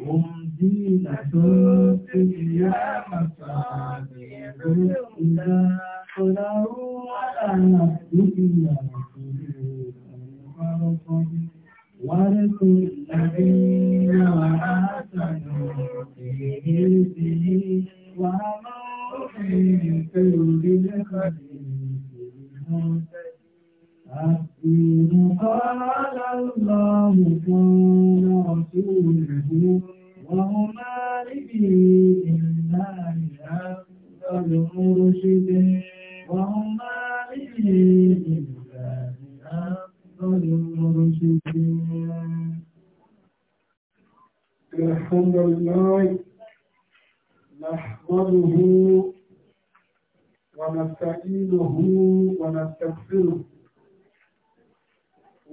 ومدينة تجيا مصابيح إذا خلوا على نفسنا ورسل الذين آمنوا في هذه وأمروا في كل الخير إن قال الله كن رسوله وهما لدين الله أفضل مرشد وهما لدين الله أفضل مرشد الحمد لله نحمده ونستعينه ونستغفره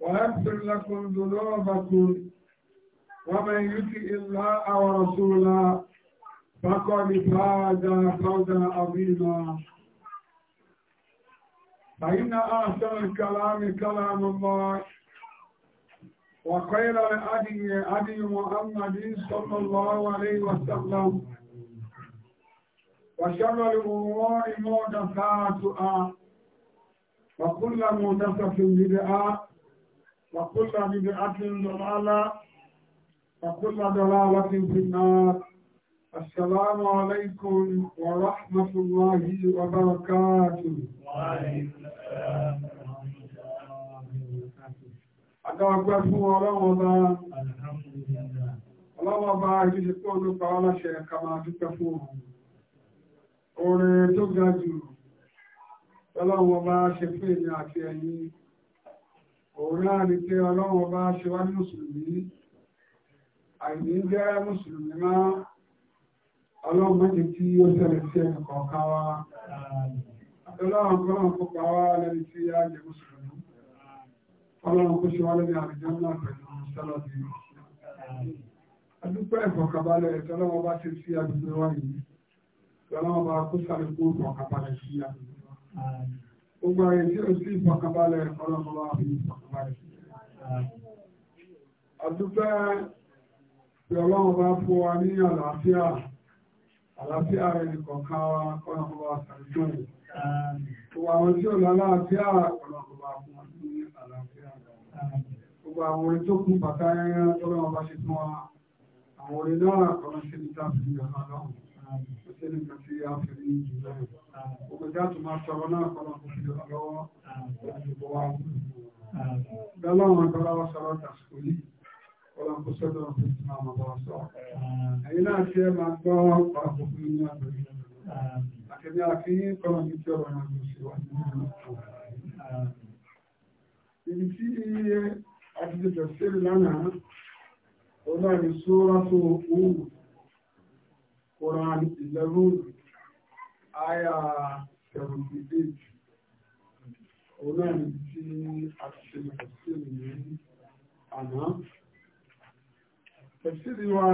ويغفر لكم ذنوبكم ومن يطع الله ورسوله فقد فاز فوزا عظيما فإن أحسن الكلام كلام الله وخير الأدي أدي محمد صلى الله عليه وسلم وشر الأمور محدثاتها وكل محدثة بدعة وكل بدعة ضلالة وكل ضلالة في النار السلام عليكم ورحمة الله وبركاته وعليكم السلام ورحمة الله وبركاته أدعوك فو ورغبا ọlọ́wọ́ bá ìdíje tó ló pa ọlọ́ṣẹ́ ẹ̀ka máa dúpẹ́ fún òun oore tó ga jù ọlọ́wọ́ bá ṣe fún èmi àti ẹ̀yin òun náà ni pé ọlọ́run ọba ṣe wá ní mùsùlùmí àìní jẹ́ mùsùlùmí máa ọlọ́run mọ́jẹ tí ó ṣẹlẹ̀ sí ẹnì kọ̀ọ̀kan wa àtọ́lọ́run kọ́lọ́run kó pa wá lẹ́ni tí á jẹ mùsùlùmí ọlọ́run kó ṣe wá lẹ́ni àrùjọ náà pẹ̀lú sẹ́lọ̀dì adúpẹ́ ìfọ̀kàbalẹ̀ ìtọ́lọ́wọ́ bá ṣe sí agbègbè wa ìtọ́lọ́wọ́ bá kó sàlékún ìfọ̀kàbalẹ̀ sí agbègbè wa gbogbo ayé tí ó sì ìfọ̀kànbalẹ̀ ọlọ́mọlá àbí ìfọ̀kànbalẹ̀. Àdúpẹ́ pé ọlọ́run bá fún wa ní àlàáfíà, àlàáfíà rẹ̀ nìkan ká wa ọlọ́mọlá àtàrídọ́ rẹ̀. Gbogbo àwọn tí ó lálàáfíà ọlọ́mọlá fún wa ní àlàáfíà rẹ̀. Gbogbo àwọn orin tó kún bàtà yẹn ọlọ́run bá ṣe fún wa. Àwọn orin náà ọlọ́run ṣe ní táàbí ìyàrá náà. Ó ṣe ní kàtí àfẹ́rí ìjìnlẹ̀ gbogbo ìjà tó máa sọ̀rọ̀ náà kọ́nà kò fi lọ́wọ́ ìbò wa mú. Bẹ́lọ́wọ́n agbáláwọ́ sọ̀rọ̀ tàṣkò yìí, ọlọ́run kò sọ́dọ̀ ọ̀fẹ́ tí máa mọ̀ bọ́ sọ. Ẹ̀yin náà ti ẹ máa gbọ́ ọ̀pọ̀ fún ní àgbẹ̀rẹ̀. Àkẹ́bí àfi kọ́nà ní tí ọ̀rọ̀ náà ló ṣe wà nínú ìlú. Ibi tí àtijọ́ sẹ́lẹ̀ lánàá, ọlọ́run Quran 11 àyà seventy eight òun náà ní tí a ti ṣe lọ sí ní àná. Tẹ̀sílì wa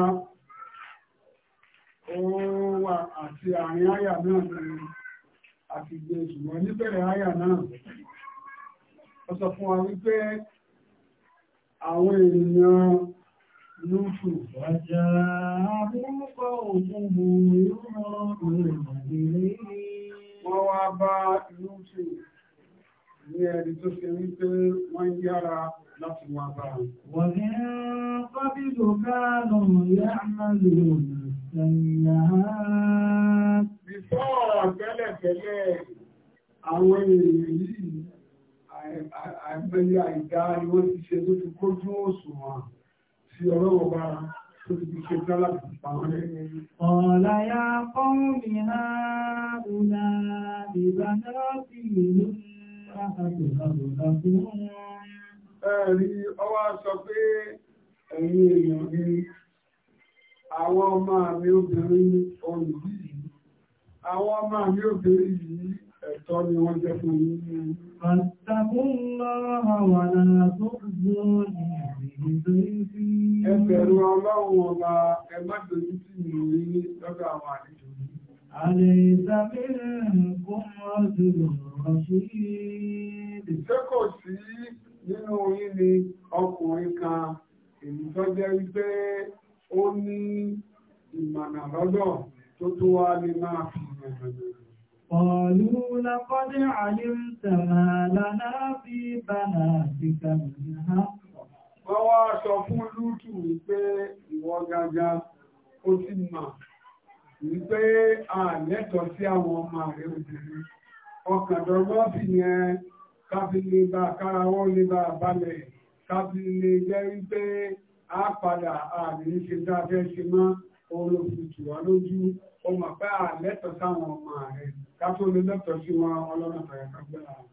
ó wà àti àárín àyà náà ní àti gbé ṣùgbọ́n níbẹ̀rẹ̀ àyà náà. Ó sọ fún wa àwọn èèyàn lóṣù wájá àbúrúkọ òkúgbò yóò wọ́n wá bá lóṣù ní ẹni tó ṣe wípé wọ́n yára láti wọ́n bá wọ́n ní pàbílò káàlù yá àmàlù Àwọn èèyàn yìí àìmẹ́lẹ́ àìdá ni wọ́n ti ṣe tó ti kójú òṣùwọ̀n tí ọlọ́wọ́ bá tó ti ṣe tán láti pàwọn ẹni. Ọ̀la ya kọ́rùn mi ha ọ̀la ìbánárọ́sì ìlú Ẹ̀rí ọwá sọ pé ẹ̀yin èèyàn ni àwọn ọmọ mi obìnrin olùdí yìí. Àwọn ọmọ mi obìnrin yìí ẹ̀tọ́ ni wọ́n jẹ́ fún yín. Àtàkùn lọ́wọ́ wà náà tó gbọ́ ìyà. Ẹgbẹ̀rún ọlọ́run ọba ẹgbẹ́gbẹ̀rún sí mi rí lọ́dọ̀ àwọn àlejò mi. Àlè ìsàbílẹ̀ kó mọ́ sí lọ́rọ̀ sí ìdíjẹ́ kò sí nínú orí ni ọkùnrin kan èyí tó jẹ́ wípé ó ní ìmọ̀nà lọ́dọ̀ tó tó wá ní máa fi ìrìnàjò. قالوا لقد علمت ما لنا في بناتك من حق wọ́n wá sọ fún lútù wípé ìwọ gaga ó ti mà wípé àlẹ́tọ̀ sí àwọn ọmọ rẹ̀ obìnrin ọkàn dọ́gbọ́n sì yẹn kábílẹ̀ bá kárawọ́ lè bá balẹ̀ kábílẹ̀ jẹ́ wípé a padà àmì ṣe dáfẹ́ ṣe mọ́ olóòtútù wa lójú ọmọ pé àlẹ́tọ̀ sáwọn ọmọ rẹ̀ ká lè lẹ́tọ̀ sí wọn ọlọ́nà tàyàkágbẹ́ àwọn.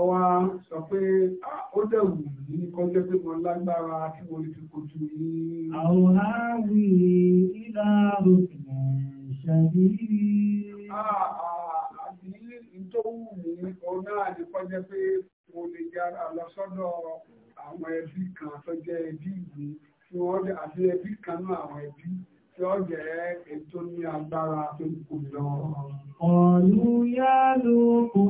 ọwá sọ pé ó dẹ̀wù ní kọjọ́ pé mo lágbára tí mo lè fi kojú ní. àwọn àwì ìlà òkè ṣàbí. àbí ìtòwù ní ọ̀nà àdìkọ́jẹ́ pé mo lè yára lọ sọ́dọ̀ àwọn ẹbí kan tó jẹ́ ẹbí ìwé tí wọ́n àbí ẹbí kan náà àwọn ẹbí. tí ó jẹ́ ètò ní agbára tó kù lọ. Ọ̀lú yá ló kò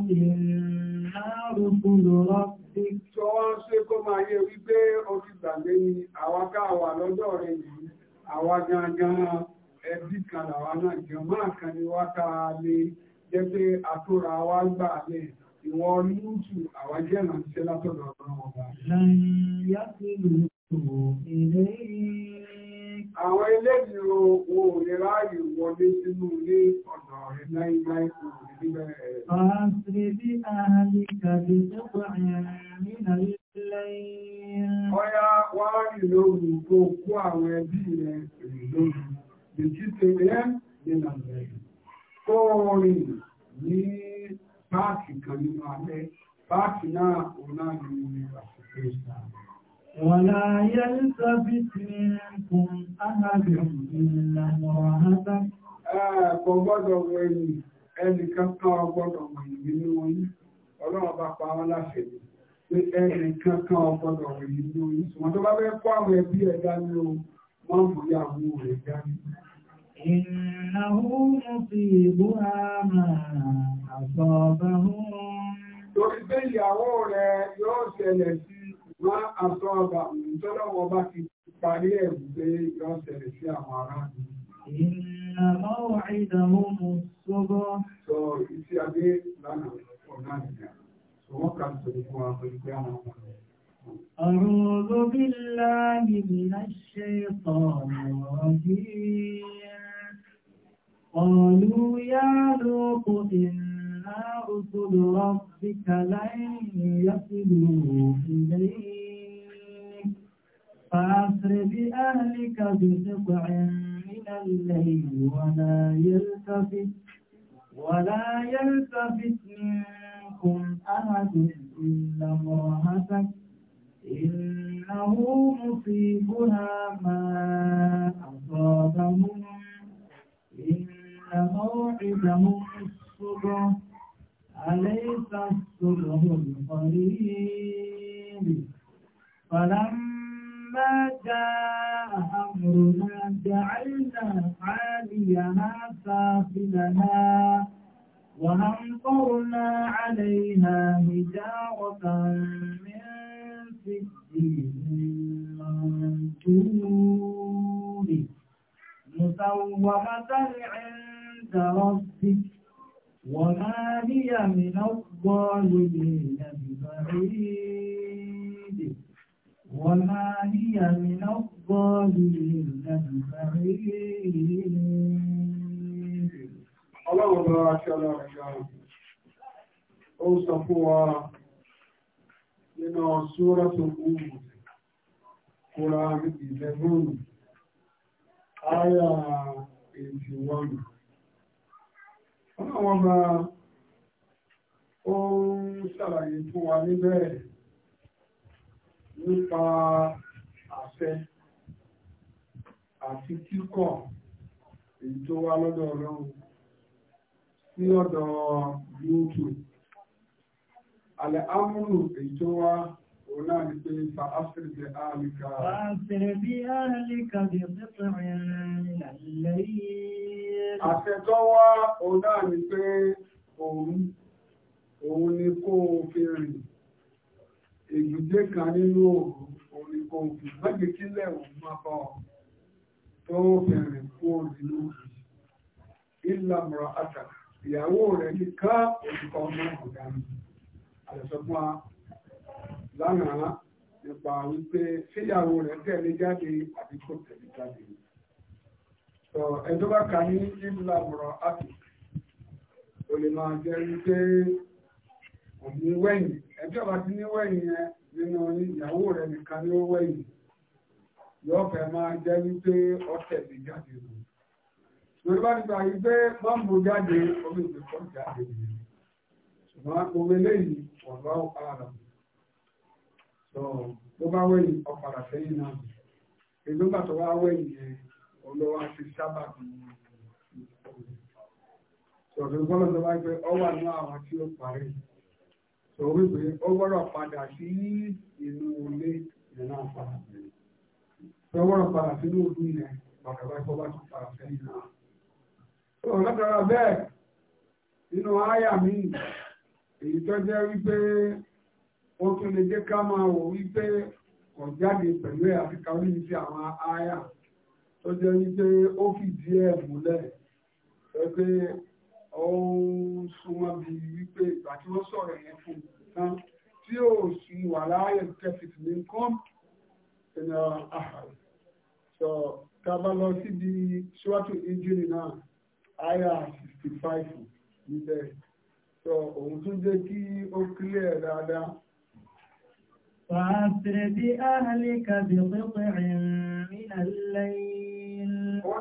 Tí ó wá ṣe kó máa yé wípé ó ni àwa káàwà rẹ̀ yìí, àwa ẹbí kan náà máa kan ni wá lè jẹ́ pé gbà lúùtù látọ̀dọ̀ ọ̀rọ̀ ọ̀gá. yá sí ìlú àwọn eléyìí owó lè ráyè wọlé sínú ilé ọ̀nà rẹ̀ láíláí kò rí níbẹ̀ rẹ̀. Fàásìrì bí ààrí kàbí sọ́pọ̀ àyàrin nínà lẹ́yìn. Ọya wá rìn lóru tó kó àwọn ẹbí rẹ̀ rìn lóru. Bèjì tèrè ẹ́ nínà rẹ̀. Kó rìn ní alẹ́. Páàkì náà òun náà ní àṣìṣe ìsàn. Wọ̀lá Kò gbọ́dọ̀ wẹ̀yìn ẹnìkan kan ọgbọ́dọ̀ wẹ̀yìn nínú oyún. Ọlọ́run bá pa wọn láṣẹ pé ẹnìkan Torí pé ìyàwó rẹ̀ yóò ṣẹlẹ̀ sí ìwọ́n àsọ̀bàhún tọ́lọ́wọ́ bá ti parí ẹ̀rù pé yóò ṣẹlẹ̀ sí àwọn ará mi. Ìrìnàmọ́ ìdàmú mu sọ́gọ́. Sọ iṣẹ́ abẹ́ lánàá ọ̀nà ìyá. Sọ wọ́n kà sọ fún wa pé pé بالله من الشيطان الرجيم قالوا يا لوط إنا رسل ربك فأسر بأهلك بقطع من الليل ولا يلتفت ولا يلتفت منكم أحد إلا امرأتك إنه مصيبها ما أصابهم إن موعدهم الصبح أليس الصبح القريب فلما فلما جاء أمرنا جعلنا عاليها سافلها وأمطرنا عليها حجارة من سجيل منثور مسومة عند ربك وما هي من الظالمين ببعيد وما هي من الظالمين ببعيد Ọlọ́run bá aṣọ́lá ọ̀gá ó sọ fún wa nínú ṣúra tó gúrù kúrò ìdẹ̀gùn àyà 81. Ọlọ́run bá ó ń ṣàlàyé fún wa níbẹ̀rẹ̀ nípa àṣẹ àti kíkọ̀ èyí tó wá lọ́dọ̀ ọlọ́run sí ọ̀dọ̀ yóòtù alẹ́ ámúlù èyí tó wá òun náà ni pé fa áfíríkì áàlìkà àfẹ́bí áàlìkà bí pẹ́pẹ́rẹ́ lẹ́yìn àṣẹ tó wá òun náà ni pé òun ni kó o fi rìn èjìdé kan nínú òòrùn òní kan òkú mẹ́gbẹ̀ kílẹ̀ òun máa bá ọ tó bẹ̀rẹ̀ kú nínú òkú ìlà mọ̀rọ̀ àtà ìyàwó rẹ̀ ní ká òkúkọ ọmọ ọ̀gá mi àlẹ́sọ̀gbọ́n a lánàá nípa wípé síyàwó rẹ̀ tẹ̀lé jáde àbí kò tẹ̀lé jáde sọ ẹjọ́ bá ka ní ìlà àtà ó lè máa jẹ́ wípé òní wẹ̀yìn ẹbí ọba ti ní wẹ̀yìn yẹn nínú ìyàwó rẹ̀ nìkan ní ó wẹ̀yìn yóò fẹ́ máa jẹ́ wípé ọ̀tẹ̀ mi jáde nù. Yorùbá ti gbà yí pé bọ́ǹbù jáde omi ìgbésọ̀ jáde nìyẹn. Ṣùgbọ́n omi eléyìí wọ̀ lọ́wọ́ ara. Sọ tó bá wẹ̀yìn ọ̀padà sẹ́yìn náà. Èló gbà tó bá wẹ̀yìn yẹn olówó àti sábà bí ọ̀rẹ́. Sọ̀rọ̀ ìgbọ́lọ́dọ̀ wáyé pé ọ wà ní àwọn tí ó parí sọ wípé ó gbọ́dọ̀ padà sí inú ilé yẹn náà padà bẹ̀rẹ̀ tó gbọ́dọ̀ padà sínú òdú yẹn padà bá tó bá tún padà sẹ́yìn náà. tó látara bẹ́ẹ̀ nínú àyà mi èyí tó jẹ́ wípé ó tún lè jẹ́ ká máa wò wípé kò jáde pẹ̀lú ẹ̀ àti kàwé ní ti àwọn àyà tó jẹ́ wípé ó fìdí ẹ̀ múlẹ̀ pé ó ń súnmọ́ bí wípé ìgbà tí wọ́n sọ̀rọ̀ yẹn fún un tán tí ó sì wà láàyè tẹ́fìtì ní kọ́m ẹ̀nà àhàrẹ̀ ah, ah. sọ tábà lọ síbi ṣíwájú ìjírí náà àyà 65 níbẹ̀ sọ òun tún jẹ́ kí ó kílẹ̀ dáadáa. فأسر بأهلك بقطع من الليل. Ó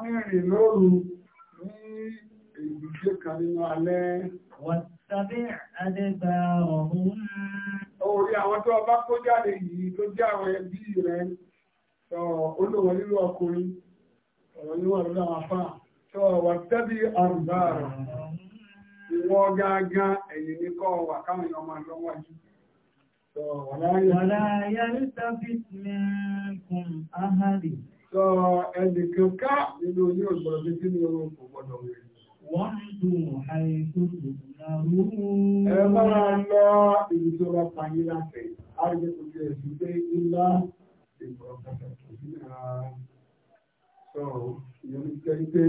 ìdíje kan nínú alẹ́. Wọ́n tàbí àdẹ́gbà ọ̀hún. Orí àwọn tó ọba kó jáde yìí tó jẹ́ àwọn ẹbí rẹ̀ sọ olówó nínú ọkùnrin ọ̀rọ̀ ní wọ́n lọ́wọ́ afá sọ wọ́n tàbí àrùbá rẹ̀. Ìwọ́ gángan ẹ̀yìn ní kọ́ wà káwọn èèyàn máa lọ wájú. Wàlá yàrí tàbít mẹ́kùn áhàrí. Sọ ẹnìkan ká nínú oní òṣèlú tí ní orúkọ gbọ́dọ̀ rẹ̀. Wọ́n ń dùn àìsùn ìrìnàrúurú. Ẹ máa lọ ibi tó láti, a rí jẹ́ kò jẹ́ ẹ̀sùn pé ìgbọ̀rọ̀ pàtàkì sí ààrẹ. Sọ̀rọ̀ ìyọ́n ní jẹ́ pé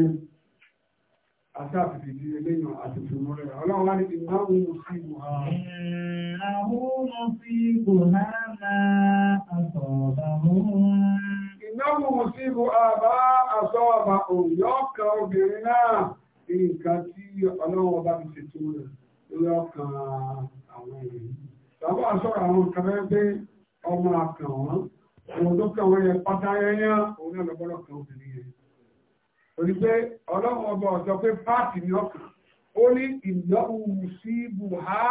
asáàfìdì di eléyìn àtìsù mọ́rẹ̀ ọlọ́run wá ní ti máa ń mú sí ìwà àhúnmọ́ ìnáwó mú sí ibò àbá àtọ̀ọ̀bà òyọ́ nǹkan tí ọlọ́wọ́ bá fi ṣètò rẹ̀ lórí ọkàn àwọn èèyàn. Bàbá sọ̀rọ̀ àwọn nǹkan bẹ́ẹ̀ pé ọmọ àkàn wọn, àwọn tó kàn wọ́n yẹ pátá yẹ́yẹ́ òun náà lọ́gbọ́dọ̀ kan obìnrin yẹn. Torí pé ọlọ́wọ́ ọba ọ̀sọ́ pé páàtì ní ọkàn, ó ní ìnáwó sí Bùhá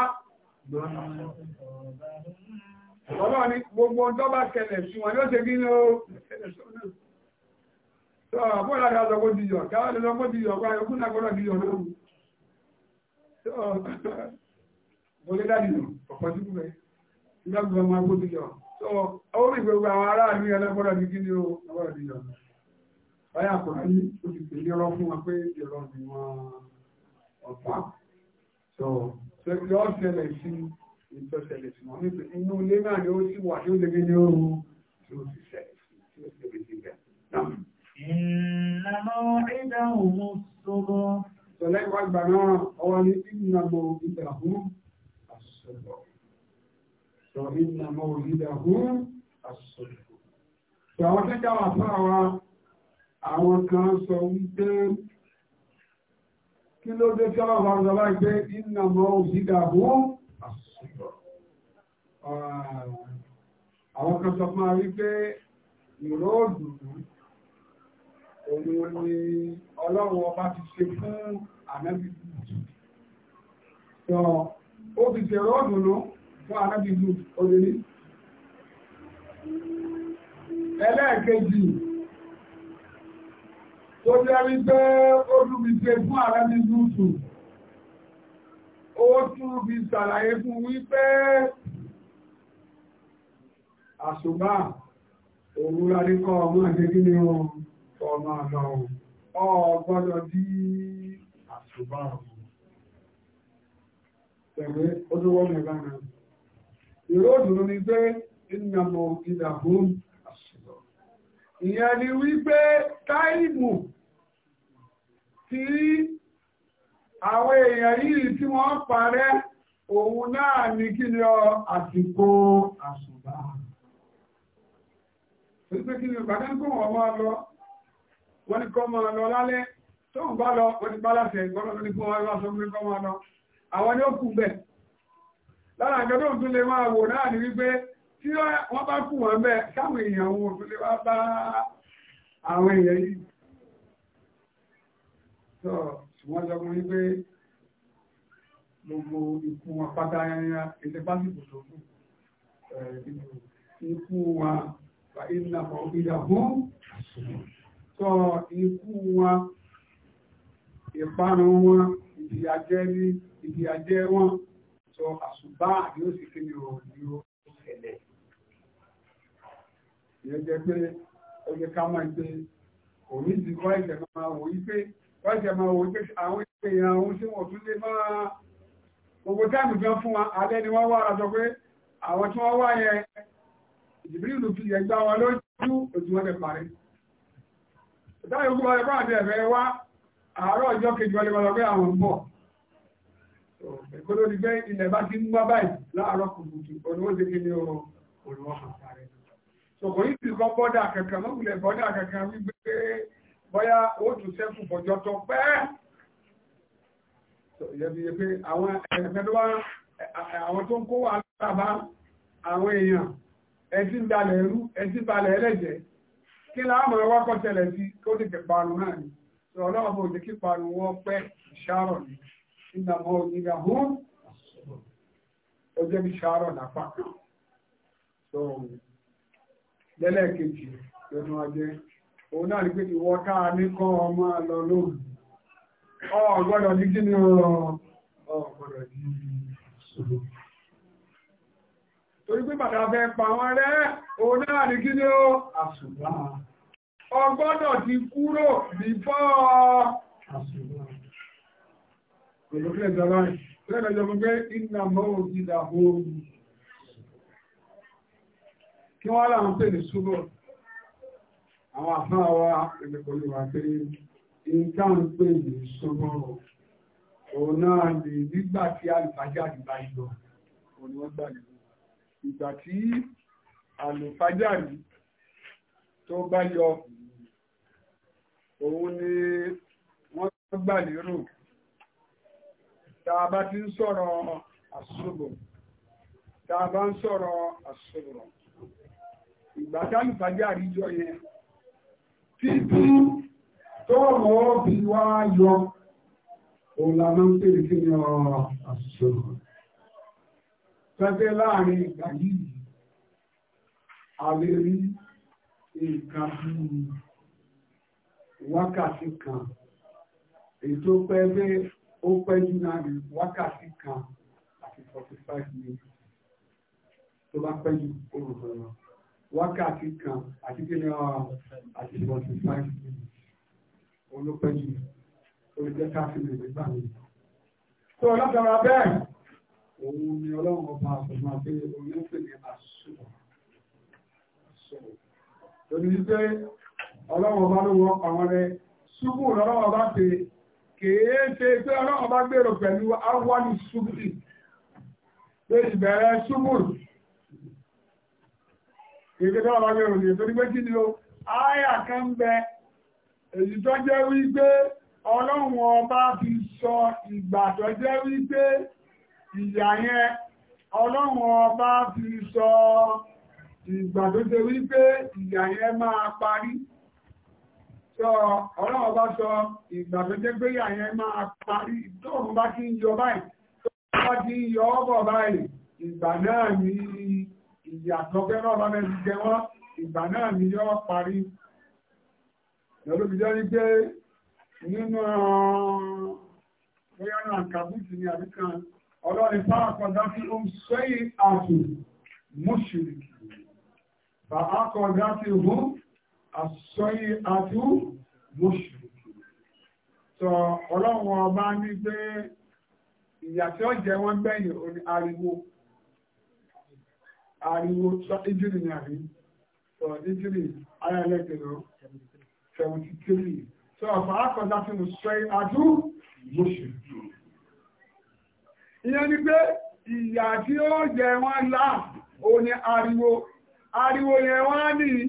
Ọlọ́run ni gbogbo ọjọ́ bá ṣẹlẹ̀ sí wọn yóò ṣe bí ní o, ṣẹlẹ̀ sọ́nà. So, láti àjọ kó dìyọ̀, káwà lè lọ kó dìyọ̀, kó ayọkún náà kọ́lá dìyọ̀ náà. Bọ́ lé dádìyọ̀, ọ̀pọ̀ sí kú rẹ̀. Ìgbàgbọ́ ọmọ akó dìyọ̀. Sọ, ó rí gbogbo àwọn aráàlú yẹn lọ́kọ́lá ní kíni o, ọ̀pọ̀ dìyọ̀. Báyà kọ̀ ní ó ti pè ní ọlọ́ fún wa pé ìrọ̀ ni wọ́n ọ̀pá. Sọ, yọ́ ṣẹlẹ̀ sí ìtọ́ṣẹlẹ̀ sí wọn. Inú ilé náà ni ó sì wà tí ó lè gbé ní oru tí ó ti ṣẹlẹ̀ Ìnàmọ́ ìdáhùn sọ́bọ̀. Sọ̀lẹ́ ìwà ìgbà náà, ọwọ́ ní ìnàmọ́ ìdáhùn àṣọ́bọ̀. Sọ ìnàmọ́ ìdáhùn àṣọ́bọ̀. Sọ àwọn tẹ́jà wà fún àwa, àwọn kan sọ wípé kí ló òun ni ọlọ́run ọba ti ṣe fún ànábì lùtù ó ti ṣe rọ́ọ̀dù ló fún ànábì lùtù òdìrí ẹlẹ́ẹ̀kejì tó jẹ́ wípé ó dúbi ṣe fún ànábì lùtù ó tún fi ṣàlàyé fún wípé àṣùgbà òun ládé kọ́ ọmọ àjẹ́gí ni wọn kọ́ máa lọ ọ gbọ́dọ̀ dí àṣùbà ọ̀hún tẹ̀lé ojúwọ́ mẹ́ta ìró òdùnú ni pé ìnàmọ̀ ìyẹn ni wípé táìmù tí àwọn èèyàn yìí tí wọ́n ọ àsìkò kí ni wọ́n ní kọ́ máa lọ lálẹ́ tó ń bá lọ wọ́n ti bá láti ẹ̀gbọ́n lọ ní kó wọ́n lọ sọ pé kọ́ máa lọ àwọn ni ó kù bẹ̀ lára àjọ tó ń tún lè máa wò náà ni wípé tí wọ́n bá kù wọ́n bẹ̀ káwọn èèyàn wo tó lè wá bá àwọn èèyàn yìí tó wọ́n sọ fún wípé gbogbo ikú wọn pátá yányá ilé tó kù ikú wọn ìlànà ìdàgbọ́n àṣùwọ̀n sọ ikú wọn ìparun wọn ìdíyàjẹ́ ní ìdíyàjẹ́ wọn sọ àṣùbá àbí ó sì kí ni ò ní ó ṣẹlẹ̀ ìyẹn jẹ́ pé ó yẹ ká máa gbé òní ti wá ìjẹ̀ máa wò yí pé wá ìjẹ̀ máa wò yí pé àwọn èèyàn àwọn tí wọ́n tún lè máa gbogbo táìmù jọ fún wa alẹ́ ni wọ́n wá ara sọ pé àwọn tí wọ́n wá yẹn ìdìbò ìlú fi yẹ gbá wọn lójú òjú wọn lè parí táyà ogun bá ẹgbẹ́ àti ẹ̀fẹ́ wá àárọ̀ ọjọ́ kejì wọlé wọlé pé àwọn ń bọ̀ èkó ló di pé ilẹ̀ bá ti ń wá báyìí láàárọ̀ kùtùkùtù olówó ti kí ni olówó hàn sáré sòkò yìí ti kọ́ bọ́dà kankan mọ́kùnlẹ̀ bọ́dà kankan wípé bọ́yá ó tún sẹ́kù fọjọ́ tó pẹ́ yẹbi pé àwọn ẹ̀fẹ́ tó wá àwọn tó ń kó wà lábá àwọn èèyàn ẹtí ń dalẹ̀ ẹrú ẹtí balẹ̀ ẹlẹ́jẹ̀ẹ́ kí láàmù ẹwà kọ́ tẹ̀lẹ̀ sí kó tètè parun náà ni sọ ọlọ́run bò ní kí parun wọ́n pẹ́ ìṣàrọ̀ ni nígbà mọ́ onígbà hó ó jẹ́ bí ìṣàrọ̀ lápá kan sọ lẹ́lẹ́kejì lọ́dún ajẹ́ òun náà ní pé ìwọ tá ní kọ́ ọmọ lọ lóhùn ọ gbọ́dọ̀ ní kí ni ọ gbọ́dọ̀ ní ṣòro torí pé bàtà fẹ́ pa wọn rẹ́ òun náà ní kí ni ó àṣùgbà ọgbọ́dọ̀ ti kúrò bífọ́ àṣùgbà òṣèlú ìjọba ìjọba pé iná mọ́wọ́ ti dà hóòrùn kí wọ́n láwọn pè ní ṣúgbọ́ àwọn àfáà wa ìpẹ̀lú wà pé nǹkan pè ní ṣúgbọ́ òun náà ní nígbà tí àlùfájà àdìbáyé lọ òun ni wọ́n gbà ìgbà tí àlùfájàrí tó bá yọ òun ni wọ́n gbà lérò tá a bá ti ń sọ̀rọ̀ àṣùbò tá a bá ń sọ̀rọ̀ àṣùbò ìgbà tí àlùfájàrí yọ yẹn títí tó rọ̀ bí wá yọ òun la ń pè ní kí ni ọ̀rọ̀ àṣùbò. Sẹ́gbẹ́ láàrin ìgbà yìí, a lè rí nǹkan bíi wákàtí kan. Ètò pẹ́ pé ó pẹ́ jù náà ní wákàtí kan àti forty five minutes. Tó bá pẹ́ jù oòrùn ọ̀rọ̀. Wákàtí kan àti kí ni ọ̀rọ̀ àti forty five minutes. Olópẹ́ jù. Olùjẹ́ káfíńsì nígbà mi. Tó ọlọ́dọ̀ra bẹ́ẹ̀ òun ni ọlọ́run ọba àfọ̀mọ́ pé onífẹ́ ni àṣùwọ̀ lórí wípé ọlọ́run ọba ló wọ́n àwọn rẹ̀ ṣubú lọ́lọ́run ọba pé kèé ṣe pé ọlọ́run ọba gbèrò pẹ̀lú awọ́ni ṣubú pé ìbẹ̀rẹ̀ ṣubú kèé ṣe ọlọ́run ọba gbèrò ní ètò nígbé kí ni ó áyà kan bẹ èyí tó jẹ́ wípé ọlọ́run ọba fi sọ ìgbà tó jẹ́ wípé ìyà yẹn ọlọ́run ọba fi sọ ìgbà tó ṣe wípé ìyà yẹn máa parí sọ ọlọ́run ọba sọ ìgbà tó jẹ́ pé ìyà yẹn máa parí tóun bá ti ń yọ báyìí tó bá ti ń yọ ọ́ báyìí ìgbà náà ni ìyà tọ́pẹ́ náà bá mẹ́rin jẹ wọ́n ìgbà náà ni yọ́ parí lọ́lọ́bìjọ́ ní pé nínú ọ̀rọ̀ bóyá náà kàbùtì ni àbíkan ọlọ́rin sáà kọjá sí ó ń sẹ́yìn àtò mọ́ṣìlìkì bá a kọjá sí ó àsọ́yìn àtò mọ́ṣìlìkì sọ ọlọ́run ọba ní pé ìyà tí ó jẹ wọ́n gbẹ̀yìn ó ní ariwo ariwo sọ ìjírí ní àrí sọ ìjírí ayẹlẹ́gbẹ̀rọ 73 sọ ọ̀fà akọjá sí ó sẹ́yìn àtò mọ́ṣìlìkì ìyẹn ni pé ìyà tí ó jẹ wọ́n lá òun ni ariwo ariwo yẹn wọ́n á nìyí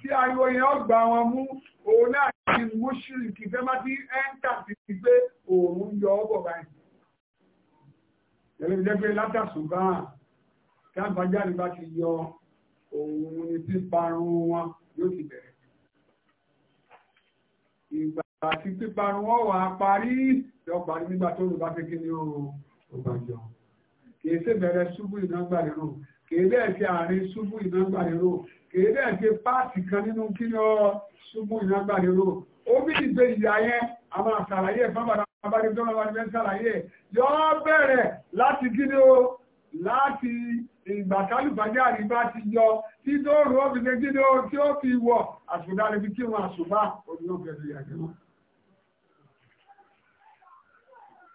tí ariwo yẹn ó gbà wọn mú òun náà ti mú ṣìrìkì fẹ́ má ti ẹ́ńtà ti ti gbé òun yọ ọ́ bọ̀ báyìí. Ẹ̀rẹ́ jẹ́ pé látàṣùgbà tábàjáde bá ti yọ òun ni píparun wọn yóò ti bẹ̀rẹ̀. Ìgbà àti píparun wọn parí yọ parí nígbà tó lù bá fi kí ni oòrùn ó bá jẹun kìí ṣe bẹ̀rẹ̀ ṣubú ìnágbà rírò kìí bẹ́ẹ̀ ṣe àárín ṣubú ìnágbà rírò kìí bẹ́ẹ̀ ṣe páàtì kan nínú kí ni ọ ṣubú ìnágbà rírò ó bí ìgbé ìyá yẹn a máa ṣàlàyé fábàdà abáde tó lọ́wọ́ ni bẹ́ẹ̀ ṣàlàyé yọ bẹ̀rẹ̀ láti kí ni o láti ìgbà tálùbájá rí bá ti yọ tí tó rú ọ́bìnrin kí o tí ó fi wọ̀ àṣùgbà kí wọn àṣùgbà òdìlọ́pẹ̀lú ìyàgbẹ́ wọn.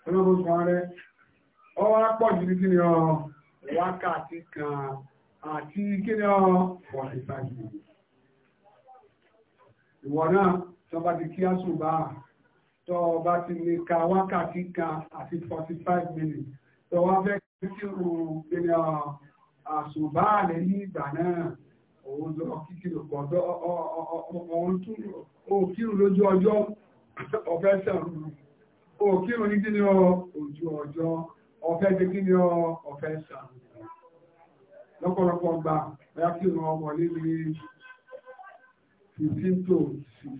Ọlọ́run sọ rẹ̀ ọwọ́ pọ̀ jù ní kíni ọ wákàtí kan àti kíni ọ wà ìsájú ìwọ náà tó bá ti kí àṣùbà tó bá ti lè ka wákàtí kan àti forty five minutes tó wá fẹ́ kí o kíni ọ àṣùbà lẹ́yìn ìgbà náà òun lọ kíkìlò pọ̀ òkírùn lójú ọjọ́ ọ̀fẹ́ sẹ̀rùn òkírùn ní kíni ọ ojú ọjọ́ ọ̀fẹ́ jẹ́ kí ni ọ̀fẹ́ sàn lọ́pọ̀lọpọ̀ gbà bóyá kí ìran ọmọ níbi fifteen to six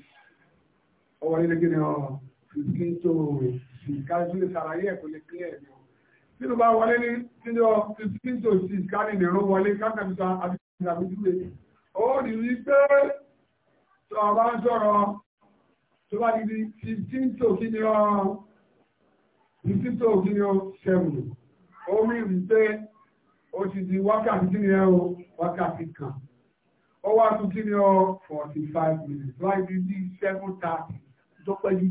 ọwọ́ nílé kí ni ọ fifteen to six kájú lè ṣàlàyé ẹ̀kọ́ lè kílẹ̀ ẹ̀mí o nínú bá wọlé ní kí ni ọ fifteen to six káàdì nìró wọlé kákàtúntà àti ìgbàgbójúwe ó rí i pé tó o bá ń sọ̀rọ̀ tó bá di fifteen to kí ni ọ títí tó kí ni ó ṣẹ̀wù ó rí rí pé ó ti di wákàtí kí ni ẹ wákàtí kan ó wá tún kí ni ó forty minutes láì ní ní seven thirty tó pẹ́ jù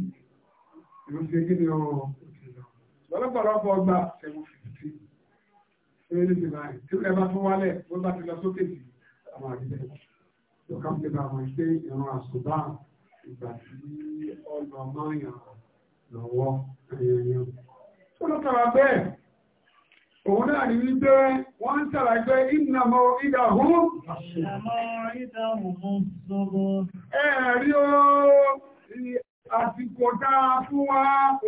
ìrúnṣe kí ni ó lọ́lọ́pọ̀lọpọ̀ ọgbà seven fifty ṣé ní ti báyìí tí ẹ bá tún wálẹ̀ bó bá ti lọ sókè sí àwọn àdìbẹ́ tó kàn ń pè bá wọn ṣe ìran àṣùbà ìgbà tí ọlọ́mọ yàn kọ̀ lọ́wọ́ èèyàn tó lọ́tara bẹ́ẹ̀ òun náà ni wípé wọ́n ń tàrà pé ìnàmọ́ ìdà hún ẹ̀rí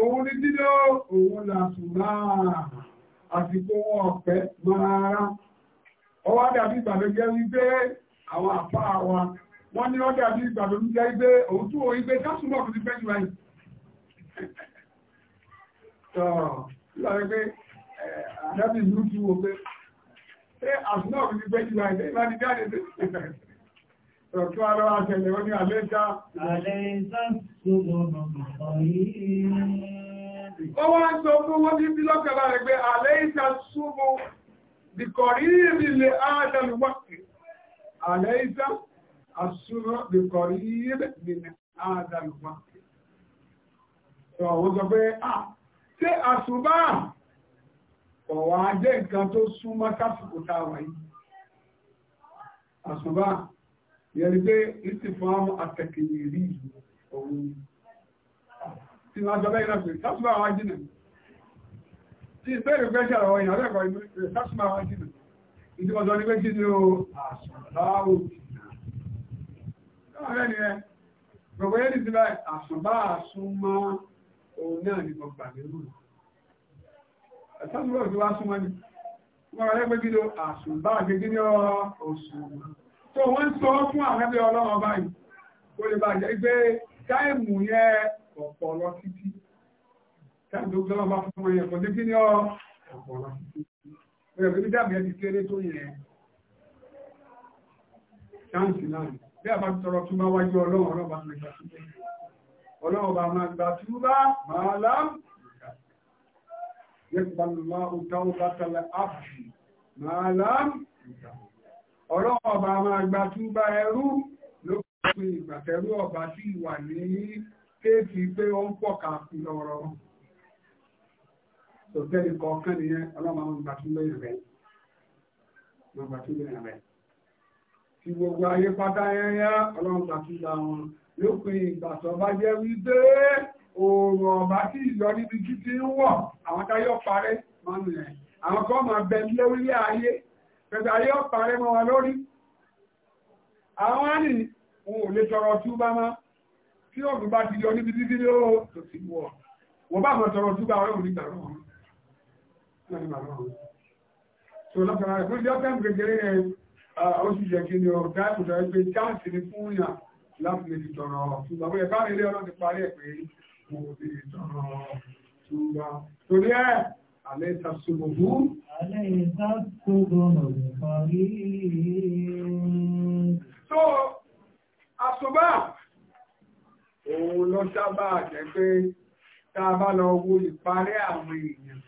o ní dídó òun làtùrà àsìkò wọn ọ̀pẹ́ òun tó wọ́n wípé sásùmọ̀ ti fẹ́ jù tọ́ lọ́rọ̀ pé àdábì ìlú tí wo pé ṣé àṣùnà òfin ti pẹ́jù àìdé ìbá ti jáde sí ọ̀tún ara wa ṣẹlẹ̀ ó ní àlẹ́ta ó wá ń sọ fún wọ́n ní bílọ́kẹ̀lá rẹ̀ pé àlẹ́ta súnmọ́ bìkọ̀rí ìrìnlẹ̀ ádámùwọ́pẹ̀ àlẹ́ta àṣùnà bìkọ̀rí ìrìnlẹ̀ ádámùwọ́pẹ̀ ọ̀wọ́ sọ pé à a àṣùbà ọ̀wọ́ ajé nǹkan tó súnmọ́ kásìkò tá a wà yìí àṣùbà yẹni pé ìsìnfàmù àtẹ̀kẹ̀yẹ̀ rí òun tí wọ́n sọ bẹ́ẹ̀ náà pé sásùbà wá jìnà tí ìbéèrè pẹ́ ṣàrọ̀ ìyàwó ẹ̀kọ́ ìbéèrè sásùbà wá jìnà ìdíkọ̀tọ̀ ní pé kí ni ó àṣùbà òkè náà rẹ̀ ni ẹ òun náà ni mo gbà lérò ẹ̀sán lọ́rọ̀ tó wá súnmọ́ ni wọ́n rẹ̀ pé gídó àṣùbá gẹ́gẹ́ ní oṣù tó wọ́n sọ fún àrẹ́bẹ̀ ọlọ́run báyìí kó lè bá jẹ́ pé táìmù yẹ ọ̀pọ̀ lọ títí táìmù tó gbọ́n bá fún ẹ̀yẹ̀ kò gẹ́gẹ́ ní ọ̀pọ̀ lọ títí ẹ̀rọ bí dàbí ẹ ti kéré tó yẹ chance náà bí a bá tọrọ ọlọ́run bá máa gbà túbá máa lám yẹ́kùbálùmá òtáwó bátàlẹ̀ ápùsì máa lám ọlọ́run ọba máa gbà túbá ẹrú lókùnrin ìgbàtẹ̀rú ọba sí ìwà ní kéèkì pé ó ń pọ̀ káàkiri ọ̀rọ̀ tòtẹ́lì kọ̀ọ̀kan nìyẹn ọlọ́run àwọn tí gbogbo ayé pátá yẹn ọlọ́run gbà túbá wọn lópin ìgbà tó bá jẹ́ wípé oòrùn ọ̀bá tí ìlọ níbi títí ń wọ̀ àwọn táyọ̀ parẹ́ mọ́nu ẹ̀ àwọn kan máa bẹ lórí ayé pẹ̀lú ayé ọ̀parẹ́ mọ́ wa lórí àwọn àní òun ò lè tọrọ túbá má tí òòrùn bá ti yọ níbi títí ní ó tó ti wọ̀ wọ́n bá mọ̀ tọrọ túbá ọ̀rẹ́ òní gbàrọ̀ wọn so lọ́kàrà rẹ̀ fún ìjọ́ tẹ́mù kékeré yẹn ó sì jẹ́ kí ni ọ̀gá ìpòtò ẹgbẹ́ jáǹsì ní fún ìyàn láti lè fi tọrọ ṣùgbọ́n bóyá báyìí ilé ọlọ́run ti parí ẹ̀ pé mo lè tọrọ ṣùgbọ́n torí ẹ̀ alẹ́ ìtàṣùmọ̀bù. alẹ́ ìtàṣùmọ̀bù rí. so àṣùbà òun lọ sábà jẹ́ pé tá a bá lọ wo ìparí àwọn èèyàn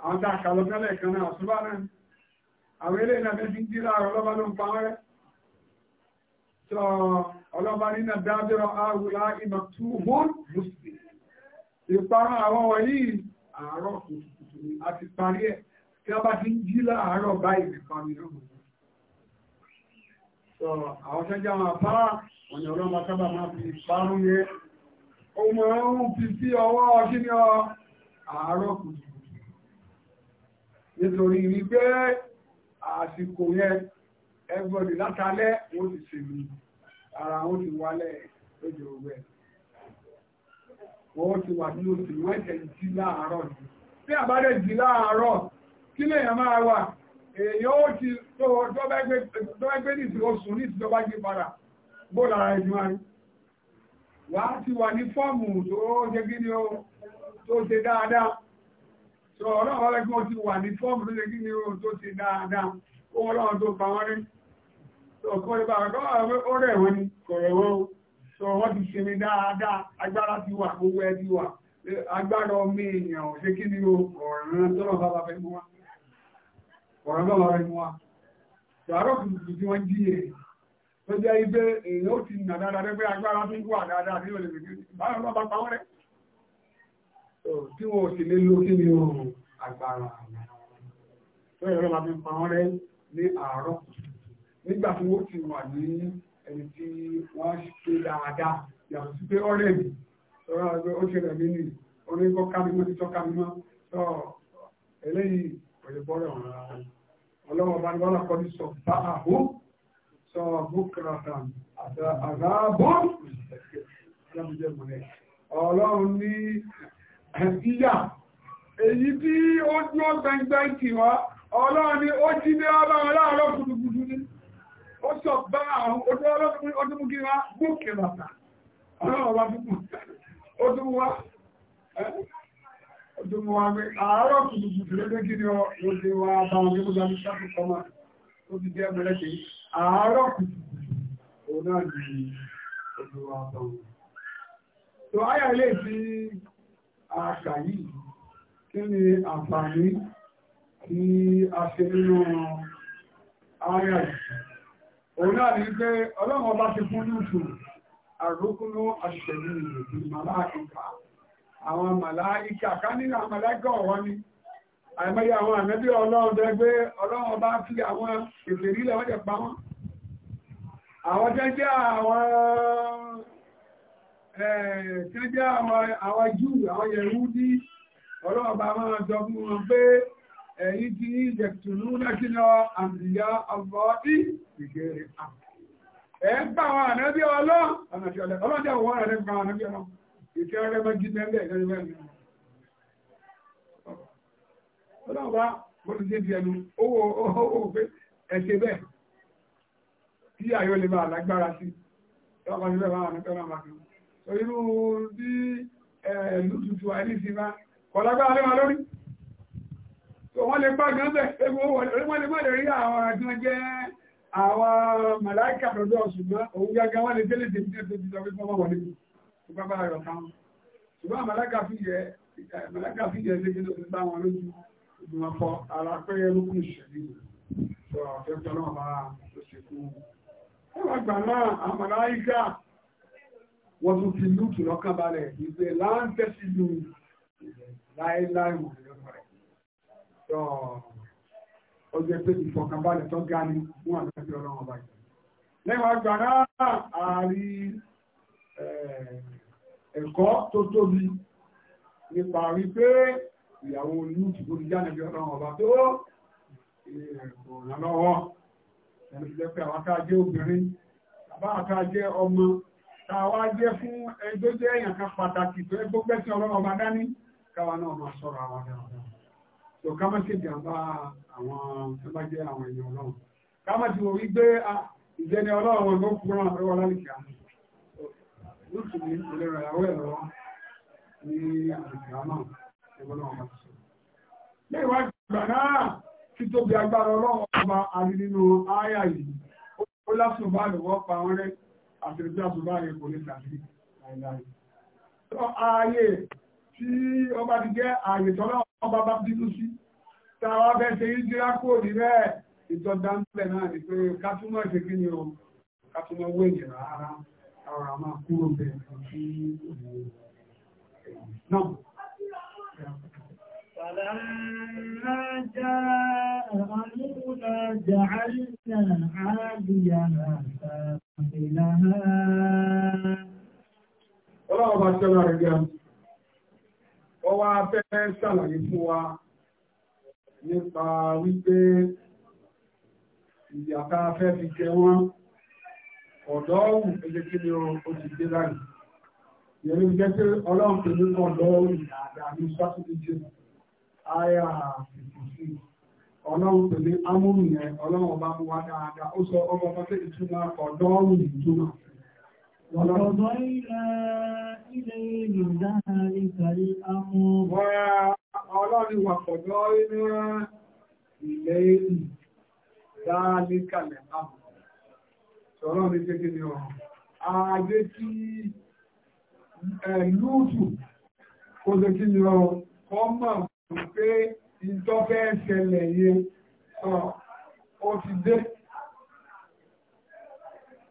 àwọn tá a kà lọ tẹ́lẹ̀ kan náà àṣùbà náà àwọn eléyìí náà ti ń jí láàárọ̀ ló ń pa wẹ́rẹ́ sọ ọlọ́ba nínú dábẹ́rọ àwùlá ìmọ̀ tó hún lùsì àwọn wọ̀nyí àárọ̀ kùtùkùtù ni a ti parí ẹ̀ tí wọ́n bá ti ń jí láàárọ̀ báyìí nìkan ni lóhùn sọ àwọn tẹ́jà máa bá ọ̀nà ọlọ́ba sábà máa fi ìparun yẹn ó máa ń fi sí ọwọ́ kí ni ọ àárọ̀ nítorí wípé àsìkò yẹn everybody látàlẹ́ wọ́n ti sinmi ara wọn ti wálẹ̀ lójú ọgbẹ́ wọ́n ti wà ní oṣù wọ́n ẹ̀jẹ̀ jí láàárọ̀ ni tí àbádẹ́ jí láàárọ̀ kí lèèyàn máa wà èèyàn ó ti tó tọ́gbẹ́gbẹ́ ní ìsìn oṣù ní ìsìn tó bá gbé padà bó lára ẹ̀jú wa wà á ti wà ní fọ́ọ̀mù tó ṣe kí ni ó tó ṣe dáadáa sọ̀rọ̀ ọlọ́run ọlọ́run ti wà ní fọ́ọ̀mù tó ṣe kí ni ó tó ṣe dáadáa ó wọ́n lọ́run tó pa wọ́n rí ọkọ̀ ìbá àkọ́ àwọn ọ̀rẹ́ ẹ̀wọ́ ni kọ̀rọ̀ ẹ̀wọ́ sọ wọ́n ti ṣe mi dáadáa agbára ti wà gbogbo ẹ ti wà agbára ọmọ èèyàn ò ṣe kí ni o ọ̀ràn tọ́lọ̀ bàbá fẹ́ mú wa ọ̀ràn bàbá fẹ́ mú wa ṣàárọ̀ kùtùkùtù tí wọ́n jí yẹn tó jẹ́ ibẹ̀ èèyàn ó ti nà dáadáa dẹ́gbẹ́ agbára tó ń wà dáadáa ní olè gbèsè báyọ̀ lọ́ bá pa wọ́n rẹ̀ tí wọ́n sì lè lo kí ni o agbára àwọn nígbà tí wọ́n ti wà ní ẹni tí wọ́n ṣe dáadáa yàtọ̀ sí pé ọ̀rẹ́dì sọ́ra ó ṣẹlẹ̀ mí nì orin kọ́ kámi mọ́ ti tọ́ kámi mọ́ sọ eléyìí pẹ̀lú bọ́ọ̀rọ̀ ọ̀rọ̀ ara ọlọ́wọ́ bá ní wọ́n lọ́kọ́ ní sọ bá àbó sọ bókèrèta àzábó ọlọ́run ní ìyá èyí tí ó dúró gbẹngbẹng tì wá ọlọ́run ní ó jí ní ọlọ́run láàárọ̀ ó sọ bá àwọn odúnmúgíra gòkè bàtà ọlọ́wọ́ bá dúkù odúnmúwá odúnmúwá pé àárọ̀ kùtùkùtù lóde kí ni ọdún wa bá wọn gbé gbogbo àmúṣà tó kọ́ máa ó ti jẹ́ mẹ́lẹ́kẹ̀ àárọ̀ kùtùkùtù òun náà ní odún wa bá wọn. tó ayà ilé ti àṣà yìí kí ni àǹfààní tí a ṣe nínú ayà yìí. òun náà ní pé ọlọ́run ọba ti fún lùtù àrókúnú àṣẹ̀lú ìlú màláìkà àwọn màláìkà ká nínú àwọn màláìkà ọ̀wọ́ ni àìmọye àwọn àmẹ́bí ọlọ́run tẹ́ ọlọ́run ọba fi àwọn ìlérí lẹ́wọ́n jẹ pa wọ́n àwọn àwọn tẹ́ àwọn jù àwọn yẹ̀rú ọlọ́run ọba máa jọ fún wọn pé ẹ̀yìn tí yẹ̀tùnú lẹ́kínà àmìyá ọlọ́dí ìgbèrè ẹ̀ ń bá wọn ànábí ọlọ́ ọlọ́dí àwọn ọ̀rẹ́ ń bá wọn ànábí ọlọ́ ìkẹ́ ọ̀rẹ́ mọ́ jí mẹ́lẹ̀ ìgbèrè mẹ́lẹ̀ ọlọ́ọ̀bá mo ti di ẹnu owó owó pé ẹ̀ṣẹ̀ bẹ́ẹ̀ kí ayọ̀ lè máa lágbára sí ọkọ̀ síbẹ̀ máa ànábí ọlọ́ máa fi irú bí ẹ̀ẹ́lú tuntun àìní sí máa kọ̀ wọ́n lè bá gan bẹ̀ wọ́n lè má lè rí àwọn àjọ jẹ́ àwọn màláìkà lọ́dọ̀ ṣùgbọ́n òun gẹ́gẹ́ wọ́n lè tẹ́lẹ̀ tẹ́lẹ̀ tó ti sọ pé fọ́nmọ́ wọlé tó bá bá rọ̀ káwọn ṣùgbọ́n màláìkà fi yẹ màláìkà fi wọ́n tún fi lúùtù lọ́kàn balẹ̀ ìgbẹ́ láńtẹ́sí lu láéláé wọ̀nyí rẹ̀ ó jẹ́ pé ìfọ̀kànbalẹ̀ tó ga ni fún àtẹ́sí ọlọ́run ọba ìjọba. lẹ́yìn wá gbà náà àárí ẹ̀kọ́ tó tóbi nípa wípé ìyàwó olú ìdìbò ìjà nàbí ọlọ́run ọba tó ìrànlọ́wọ́ ẹni tó jẹ́ pé àwọn tá a jẹ́ obìnrin bàbá àtà jẹ́ ọmọ tàwa jẹ́ fún ẹjọ́ jẹ́ èèyàn kan pàtàkì tó ẹgbẹ́ gbẹ́sìn ọlọ́run ọba dání káwa náà máa sọ̀rọ̀ àwọn ọ̀dọ́ so ká má ṣe jàmbá àwọn tó bá jẹ́ àwọn ẹni ọlọ́run ká má ti wọ wípé ìjẹni ọlọ́run ló kúrò àbẹ́wọ́ lálùkẹ́ àmì lóṣù ní ìlera ìyàwó ẹ̀rọ ní àlùkẹ́ àmà ẹgbọ́n ọmọ ti sọ. lẹ́yìn wá gbà náà títóbi agbára ọlọ́run ọba àrí nínú ááyà yìí ó lásùn bá lọ́wọ́ pa wọn rẹ́ àti ìgbà tó bá yẹ kò ní tàbí láìláì. ààyè tí ọba ti jẹ́ ààyè wọ́n bá bá sí táwa bẹ́ẹ̀ ṣe yí jíra kúrò ní náà ni pé kátúmọ̀ ṣe ni o kátúmọ̀ wé rárá àwọn àmà kúrò bẹ́ẹ̀ sí náà. فلما جاء أمرنا جعلنا عاليها ó wá fẹ́ ṣàlàyé fún wa nípa wípé ìyàtà fẹ́ fi jẹ wọ́n ọ̀dọ́ òun ẹgbẹ́kiri o ti dé láì yẹ̀lú jẹ́ pé ọlọ́run pè ní ọ̀dọ́ ìyàtà ní sátúndé jẹ́ àyà ìfòsí ọlọ́run pè ní amúrù yẹn ọlọ́run ọba mú wa dáadáa ó sọ ọgbọ́n pé ìtumọ̀ ọ̀dọ́ òun ìtumọ̀ ọ̀dọ́ ìlànà إليه ذلك الأمر ọlọ́rin wà pọ̀dọ́ inú ilé ìlú dáálẹ́kàlẹ̀ àmì ṣọ́rọ̀ ní jẹ́gẹ́ ni ọ̀rọ̀ ààyé kí ẹ̀lúùtù kó jẹ́ kí ni ọ̀rọ̀ ọmọ pé ìjọba ẹ̀ṣẹ̀lẹ̀ yẹn ó ti dé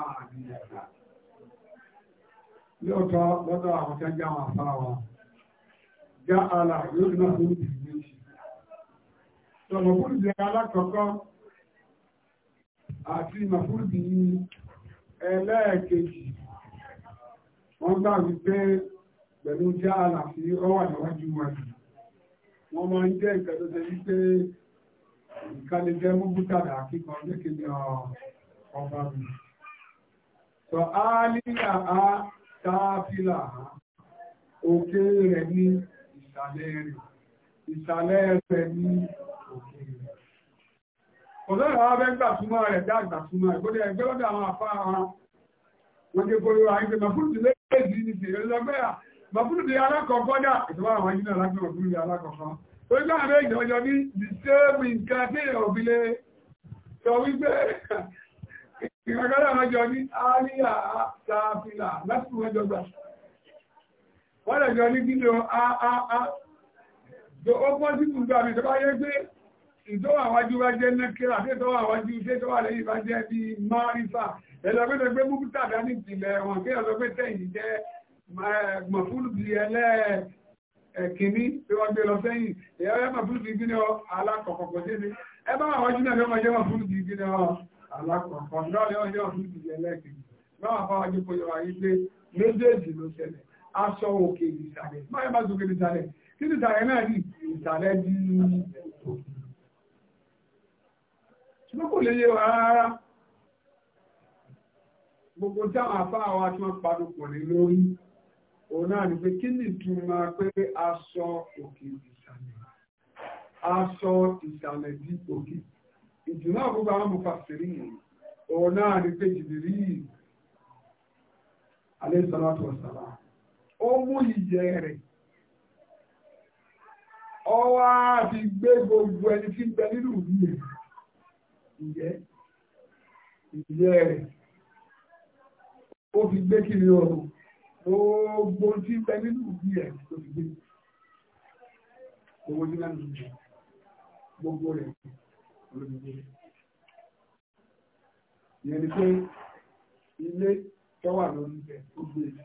àríyàká lóòtọ́ lọ́dọ̀ àwọn tẹ́ jẹ́ àwọn àfáà wa já ara yóò náà ló ti méjì tọ̀mọ̀ fúrùbì alákọ̀ọ́kọ́ àti màfúrùbì ẹlẹ́ẹ̀kejì wọ́n gbà wípé pẹ̀lú já ara sí ọwà níwájú wọn wọ́n máa ń jẹ́ nǹkan sọ áálíyà á táàfílà á òkè rẹ̀ ní ìsàlẹ̀ rẹ̀ ìsàlẹ̀ rẹ̀ ní òkè rẹ̀ ọ̀lọ́rọ̀ àwọn abẹ́ gbàtúmọ̀ rẹ̀ dá gbàtúmọ̀ rẹ̀ gbọ́dọ̀ ẹgbẹ́ lọ́dọ̀ àwọn afá wọn jẹ́ kóró wa ẹgbẹ́ màfúrúdì lẹ́ẹ̀dì ní ti ẹlẹgbẹ́ à màfúrúdì alákọ̀ọ́kọ́ dà ìjọba àwọn ajínigbà láti màfúrúdì alákọ̀ọ́kọ́ tó gbà rẹ̀ ìjọjọ ní the same nǹkan tí èèyàn òbí lé sọ wípé ìrànkádà mẹ́jọ ní àríyà àtàfilà lásìkò mẹ́jọ gbà wọ́n lè jọ ní gílò àáá tó ó pọ́ sí gbogbo àmì tọ́bá yẹ́ pé ìtọ́wà àwájú bá jẹ́ nẹ́kẹ́rà tí ìtọ́wà àwájú tí ìtọ́wà lẹ́yìn bá jẹ́ bí márífà ẹ̀lọ́gbẹ́tẹ̀ pé múkútà dání ìpìlẹ̀ wọn kí ọlọ́gbẹ́tẹ̀ yìí jẹ́ mọ̀fúlù bí ẹlẹ́ẹ̀kìní tí wọ́n gbé lọ sẹ́yìn ẹ̀yọ́ yẹ́ mọ̀fúlù bí ìbí alákọ̀ọ́kọ́ lọ́rẹ̀ ọjọ́ òun ti yẹ lẹ́kìn náà fún ọjọ́ kò yọ ayé pé méjèèjì ló ṣẹlẹ̀ aṣọ òkè ìsàlẹ̀ báyọ̀ bá sókè ìsàlẹ̀ kí ni ìsàlẹ̀ náà ní ìsàlẹ̀ di òkè ṣùgbọ́n kò lè yé wa rárá gbogbo táwọn afáà wa tí wọ́n panu pọ̀ ní lórí òun náà ni pé kí ni ìtumọ̀ pé aṣọ òkè ìsàlẹ̀ aṣọ ìsàlẹ̀ di òkè ìjìnlá àbúgbà àwọn mufasiri òun náà ní pé jìbìrí alayhi salatu ó mú ìyẹ́ rẹ̀ ọwá fi gbé gbogbo ẹni tí ń bẹ nínú ìyẹ́ ìyẹ́ ìyẹ́ rẹ̀ ó fi gbé kiri ọ̀rọ̀ gbogbo tí ń bẹ nínú ìyẹ́ ló fi gbé gbogbo rẹ̀ olómìnirí ìyẹn ni pé ilé tó wà lórí ilẹ̀ tó gbé e.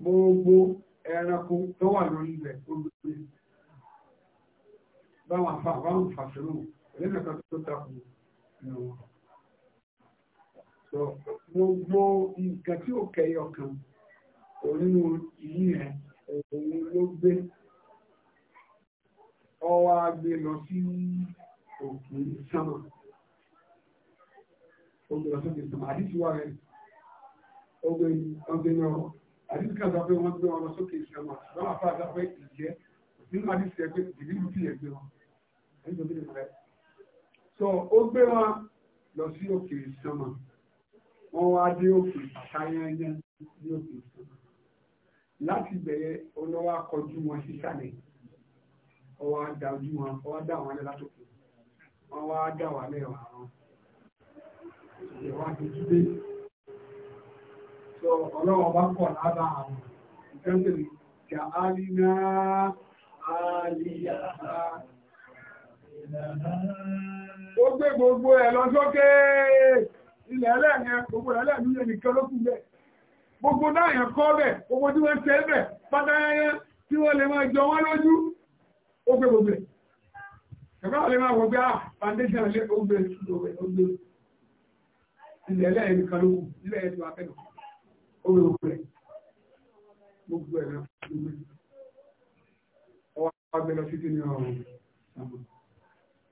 gbogbo ẹranko tó wà lórí ilẹ̀ tó gbé e. báwọn afa báwọn fàṣẹlò ẹlẹ́nà kan tó takò nù wọn. gbogbo nǹkan tí ó kẹyọ kan onínú yìí ẹ̀ òun ló gbé ọwọ́ agbé lọ sí òkè sánmà ogun lọ sókè sánmà àdísí wà rẹ̀ ogun ọ̀rọ̀ so ó gbé wọn lọ sí òkè sánmà wọ́n wá dé òkè àtàyẹnyẹ ní òkè sánmà láti bẹ̀rẹ̀ olówó akọjú wọn sísàlẹ̀ ọwọ́ àdá ojú wọn ọwọ́ àdá wọn látòkè wọn wá dá wà lẹ́wà wọn ìwà ìdílé tó ọlọ́wọ́ bá kọ̀ lábá àwọn ìfẹ́sẹ̀lẹ̀ kà á rí náà á rí yàrá ó gbé gbogbo ẹ̀ lọ sókè ilẹ̀ ẹlẹ́yẹn gbogbo ẹlẹ́yẹn nìkan ló kù bẹ́ẹ̀ gbogbo náà yẹn kọ́ bẹ́ẹ̀ gbogbo tí wọ́n tẹ́ bẹ́ẹ̀ pátáyáyá tí wọ́n lè máa jọ wọ́n lójú ó gbé gbogbo ẹ̀ ẹ̀fọ́ àwọn ẹ̀mọ́ àwọn gbé à ah, foundation lé ó gbé gbogbo ilẹ̀ ẹlẹ́yìn nìkan ló kù ilẹ̀ ẹ̀dùn akẹ́nu ó gbé gbogbo ẹ̀ gbogbo ẹ̀ náà gbogbo ọwọ́ agbẹ́ lọ sí kíni ọ̀run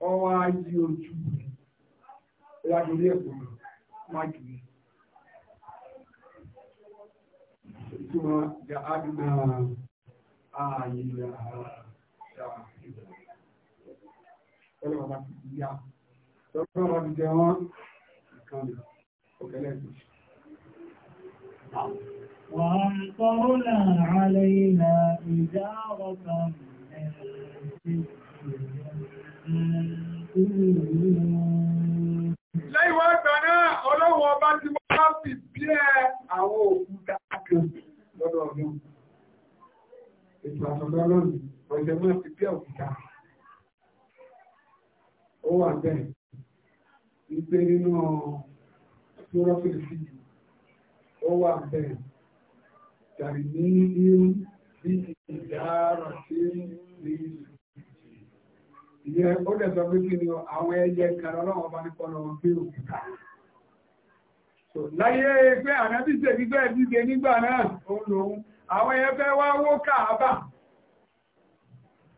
ọwọ́ ayé ojú ìlàgbọ̀lẹ́ ẹ̀kọ́ wájú yìí. Ìtumọ̀ jà á dùn náà ààyè ààrẹ ọlọ́run bá ti yá lọ́pọ̀ wọn jẹ wọ́n nǹkan ọ̀kẹ́lẹ́ ìgbè. وأمطرنا علينا إجارة Lẹ́yìn wá gbà náà, ọlọ́wọ́ ọba ti wá fi bí ẹ àwọn òkúta kan lọ́dọ̀ ọdún. Ètò àtọ̀dọ́ lónìí. ọzọ máa fi bí ọ̀kúta ó wà bẹ́ẹ̀ wípé nínú chloroquine sí ju ó wà bẹ́ẹ̀ tàbí ní irú ìdára sí ó sọ pé kí àwọn ẹyẹ kan ọlọ́run ọba nípa bí láyé pé ànábìsẹ̀ gbígbẹ́ nígbà náà ó lòun àwọn ẹyẹ fẹ́ wá wó káàbà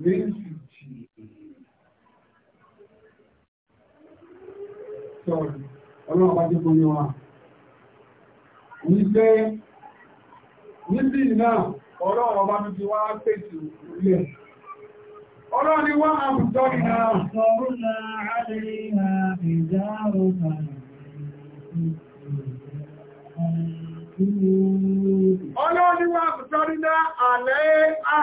méjì sọ̀rọ̀ ọlọ́run bá jẹ́ gbóyé wọn ní pé níbi náà ọlọ́run bá ti wá pèsè ìpínlẹ̀ ọlọ́run ni wọ́n àbùtọ́ ìhà ọ̀rọ̀lá àdéhà ìdáàrò ọlọ́run ni wọ́n àlẹ́ àà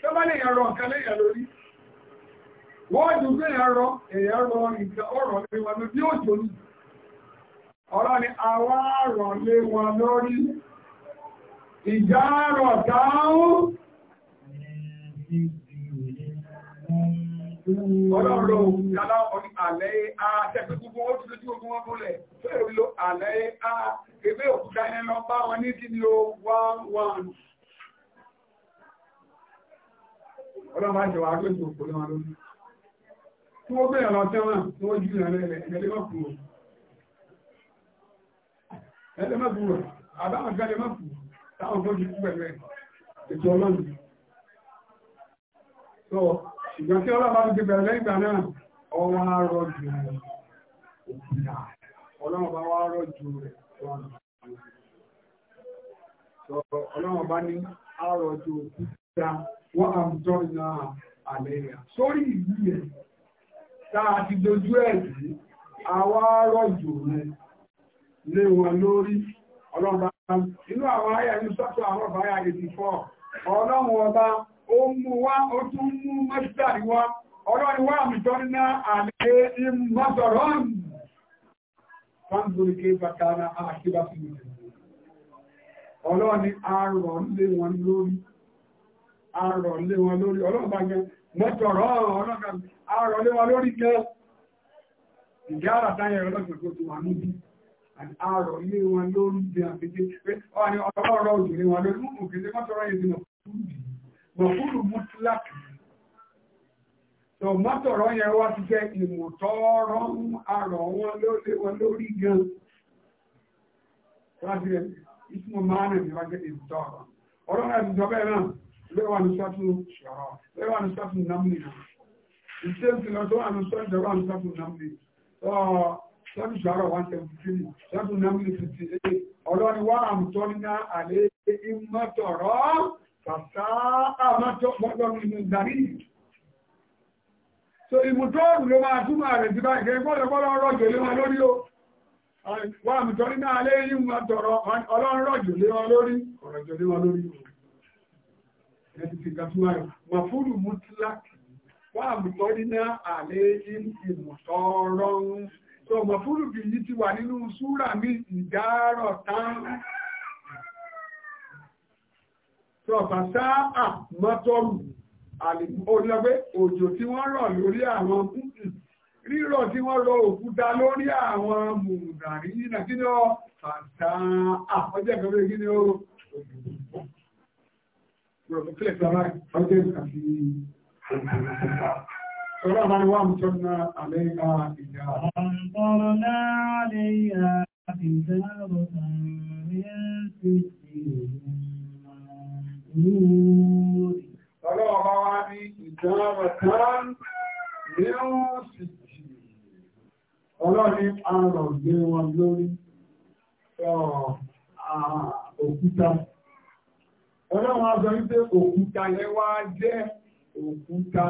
sọ́bá lè yàn rọ nǹkan lẹ́yìn lórí wọ́n jù pé yàn rọ èyàn rọ nǹkan ọ̀rọ̀ lé wọn lórí yóò ní ọ̀rọ̀ ni àwa rọ̀ lé wọn lórí ìjà rọ̀ dáhùn Ọlọ́rọ̀ ìjàlá ọdún àlẹ́ àtẹ́kùn gbogbo ó ti lójú ogun wọn múlẹ̀ fẹ́rẹ̀ ni ó ọlọ́run àti wà ágbé ìtòkò lọ́wọ́ lórí tí wọ́n bẹ̀rẹ̀ lọ tẹ́wọ̀n tí wọ́n jù yàn lẹ́lẹ̀ ẹ̀lẹ́mọ̀kù ẹ̀lẹ́mọ̀kù àbáwọn gẹ́lẹ́mọ̀kù táwọn fojú pẹ̀lú ètò ọlọ́run so ṣùgbọ́n tí ọlọ́run bá ti bẹ̀rẹ̀ lẹ́yìn ìgbà náà ọwọ́ arọ jù òkúta ọlọ́run bá wá arọ jù rẹ̀ ọlọ́run bá ní arọ wọ́n á ń tọ́ iná àlẹ́ yà sórí ìlú yẹn tá a ti dojú ẹ̀ sí àwa rọ̀jò rẹ̀ inú àwọn ayé ẹni sọ́tọ̀ àwọn ọba ayé eighty four ọlọ́run mú wá ó tún mú mọ́sítàrí wá arọ̀ lé wọn lórí ọlọ́ọ̀bá yẹn mọ́tọ̀rọ̀ ọlọ́ọ̀bá arọ̀ lé wọn lórí gẹ́ ìjá ara táyẹ̀ ọlọ́sẹ̀ tó ti wà níbi arọ̀ lé wọn lórí gẹ́ àpèjẹ́ pé ọlọ́ọ̀rọ̀ òjò lé wọn lórí mú kìí mọ́tọ̀rọ̀ yẹn ti mọ̀kúrù mọ́túlákì tó mọ́tọ̀rọ̀ yẹn wá ti jẹ́ ìmọ̀tọ́rọ̀ arọ̀ wọn lórí gan Ìtumọ̀ máa ń rìn níwájú náà, bẹ́ẹ̀ wà ní sọ́tún ṣọ̀rọ̀ bẹ́ẹ̀ wà ní sọ́tún námìlì náà ìṣe ìṣìnà tó wà ní sọ́tún ṣọ̀rọ̀ wà ní sọ́tún námìlì sọ́tún ṣọ̀rọ̀ one seventy three sọ́tún námìlì fifty eight ọlọ́ni wà àmùtọ́ nínú àlẹ́ ìmọ̀tọ̀rọ̀ kàtà àmọ́tọ̀gbọ́dọ̀ so ìmùtọ́ọ̀rù ló máa túmọ̀ rẹ̀ ti báyìí kẹ́ gbọ́dọ̀ gbọ́dọ̀ rọ̀jò lé wọn lórí o wà àmùtọ́ nínú àlẹ́ yìí wọn tọ̀rọ̀ ọlọ́run rọ̀jò lé wọn lórí ọ̀rọ̀jò lé wọn lórí o ẹ̀sì ti gàtúwà rẹ̀ mọ̀fúrù mútíláàkì wà àmùtọ́ nínú àlẹ́ ìmùtọ́rọ̀ ń so mọ̀fúrù bí yí ti wà nínú súrà mi ìdárọ̀ tán so bàtà àmọ́tọ́rù olùlọ́gbé òjò tí wọ́n rọ̀ lórí àwọn rírọ̀ tí wọ́n rọ òkúta lórí àwọn mùdàrí nàkínà bàtà àpọ́jẹ́ kan bí kí ni ó ربنا وامطرنا عليها حجارة أمطرنا عليها حجارة من سجين منضود ربنا حجارة من سجين ọlọ́rin arọ̀ gbé wọn lórí òkúta ọlọ́run azọ wípé òkúta yẹn wá jẹ́ òkúta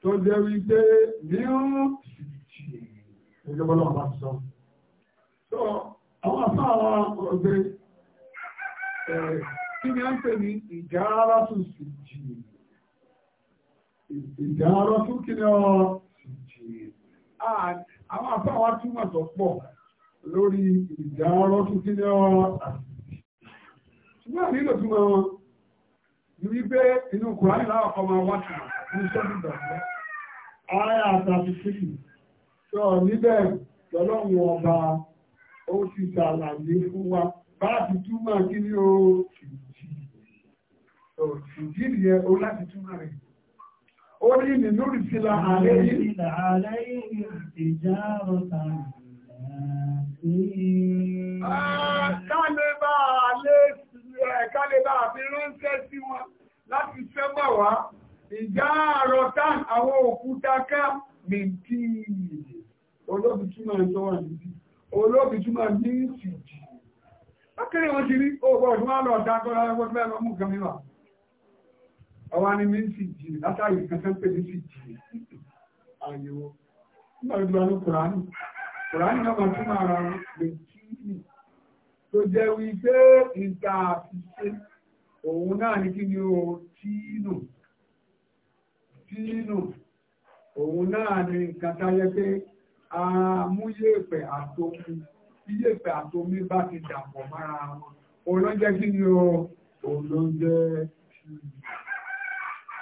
tó jẹ́ wípé mìíràn ṣìṣì ìjọbọ́lọ́ bá sọ. So àwọn afá àwọn ọ̀gbẹ́ kí ni a ń pè ní ìjára tún sì jì ìjára tún kí ni ọ sì jì àwọn afá wa túmọ̀ tó pọ̀ lórí ìjára tún kí ni ọ ṣùgbọ́n nílò tí wọ́n wọn ní wípé inú kùránì láwọ̀kọ́ máa wá sí ní sọ́dún ìgbàgbọ́ ààrẹ àtàfi sílì sọ níbẹ̀ lọ́lọ́run ọba ó ti ṣàlàyé fún wa bá ti túmọ̀ kí ni ó fìdí nìyẹn ó láti túmọ̀ ẹ̀ká lè bá àfi ránṣẹ́ sí wọn láti sẹ́gbà wá ìjà àrọ̀ tán àwọn òkúta ká mìntì olóbi túmọ̀ tó wà níbi olóbi túmọ̀ ní wọn ti rí ọgbọ̀n tó wà lọ́ọ̀dá tó lọ́wọ́ tó mi ní nígbà tó wà tó jẹ́ wípé ìta àfiṣe òun náà ní kí ni o tíínù tíínù òun náà ní nǹkan pé a mú yèèpẹ̀ àtomi tí yèèpẹ̀ àtomi bá ti dàpọ̀ mára wọn òun kí ni o òun ló jẹ́ tíínù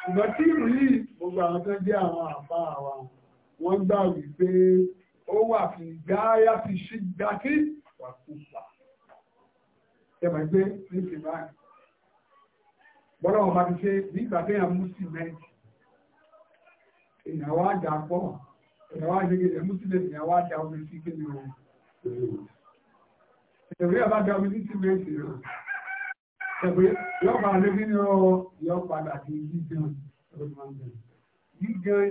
ṣùgbọ́n tíínù yìí gbogbo àwọn tó jẹ́ àwọn àbá wa wọ́n gbà wípé ó wà fi gáyà fi ṣí dákí wà kúfà ẹ̀mọ̀ gbé ní ìsìnbáyìí bọ́lá wọn bá ti ṣe nígbà téèyàn mú símẹ́ǹtì ìyàwó àjà pọ̀ ìyàwó àjẹgẹ ẹ̀mú símẹ́ǹtì ìyàwó àjà omi sí kéde wọn. ìyàwó yàrá àjà omi sí símẹ́ǹtì rẹ̀ ẹ̀pẹ́ yóò padà lé kí ni ọ yóò padà sí gígan gígan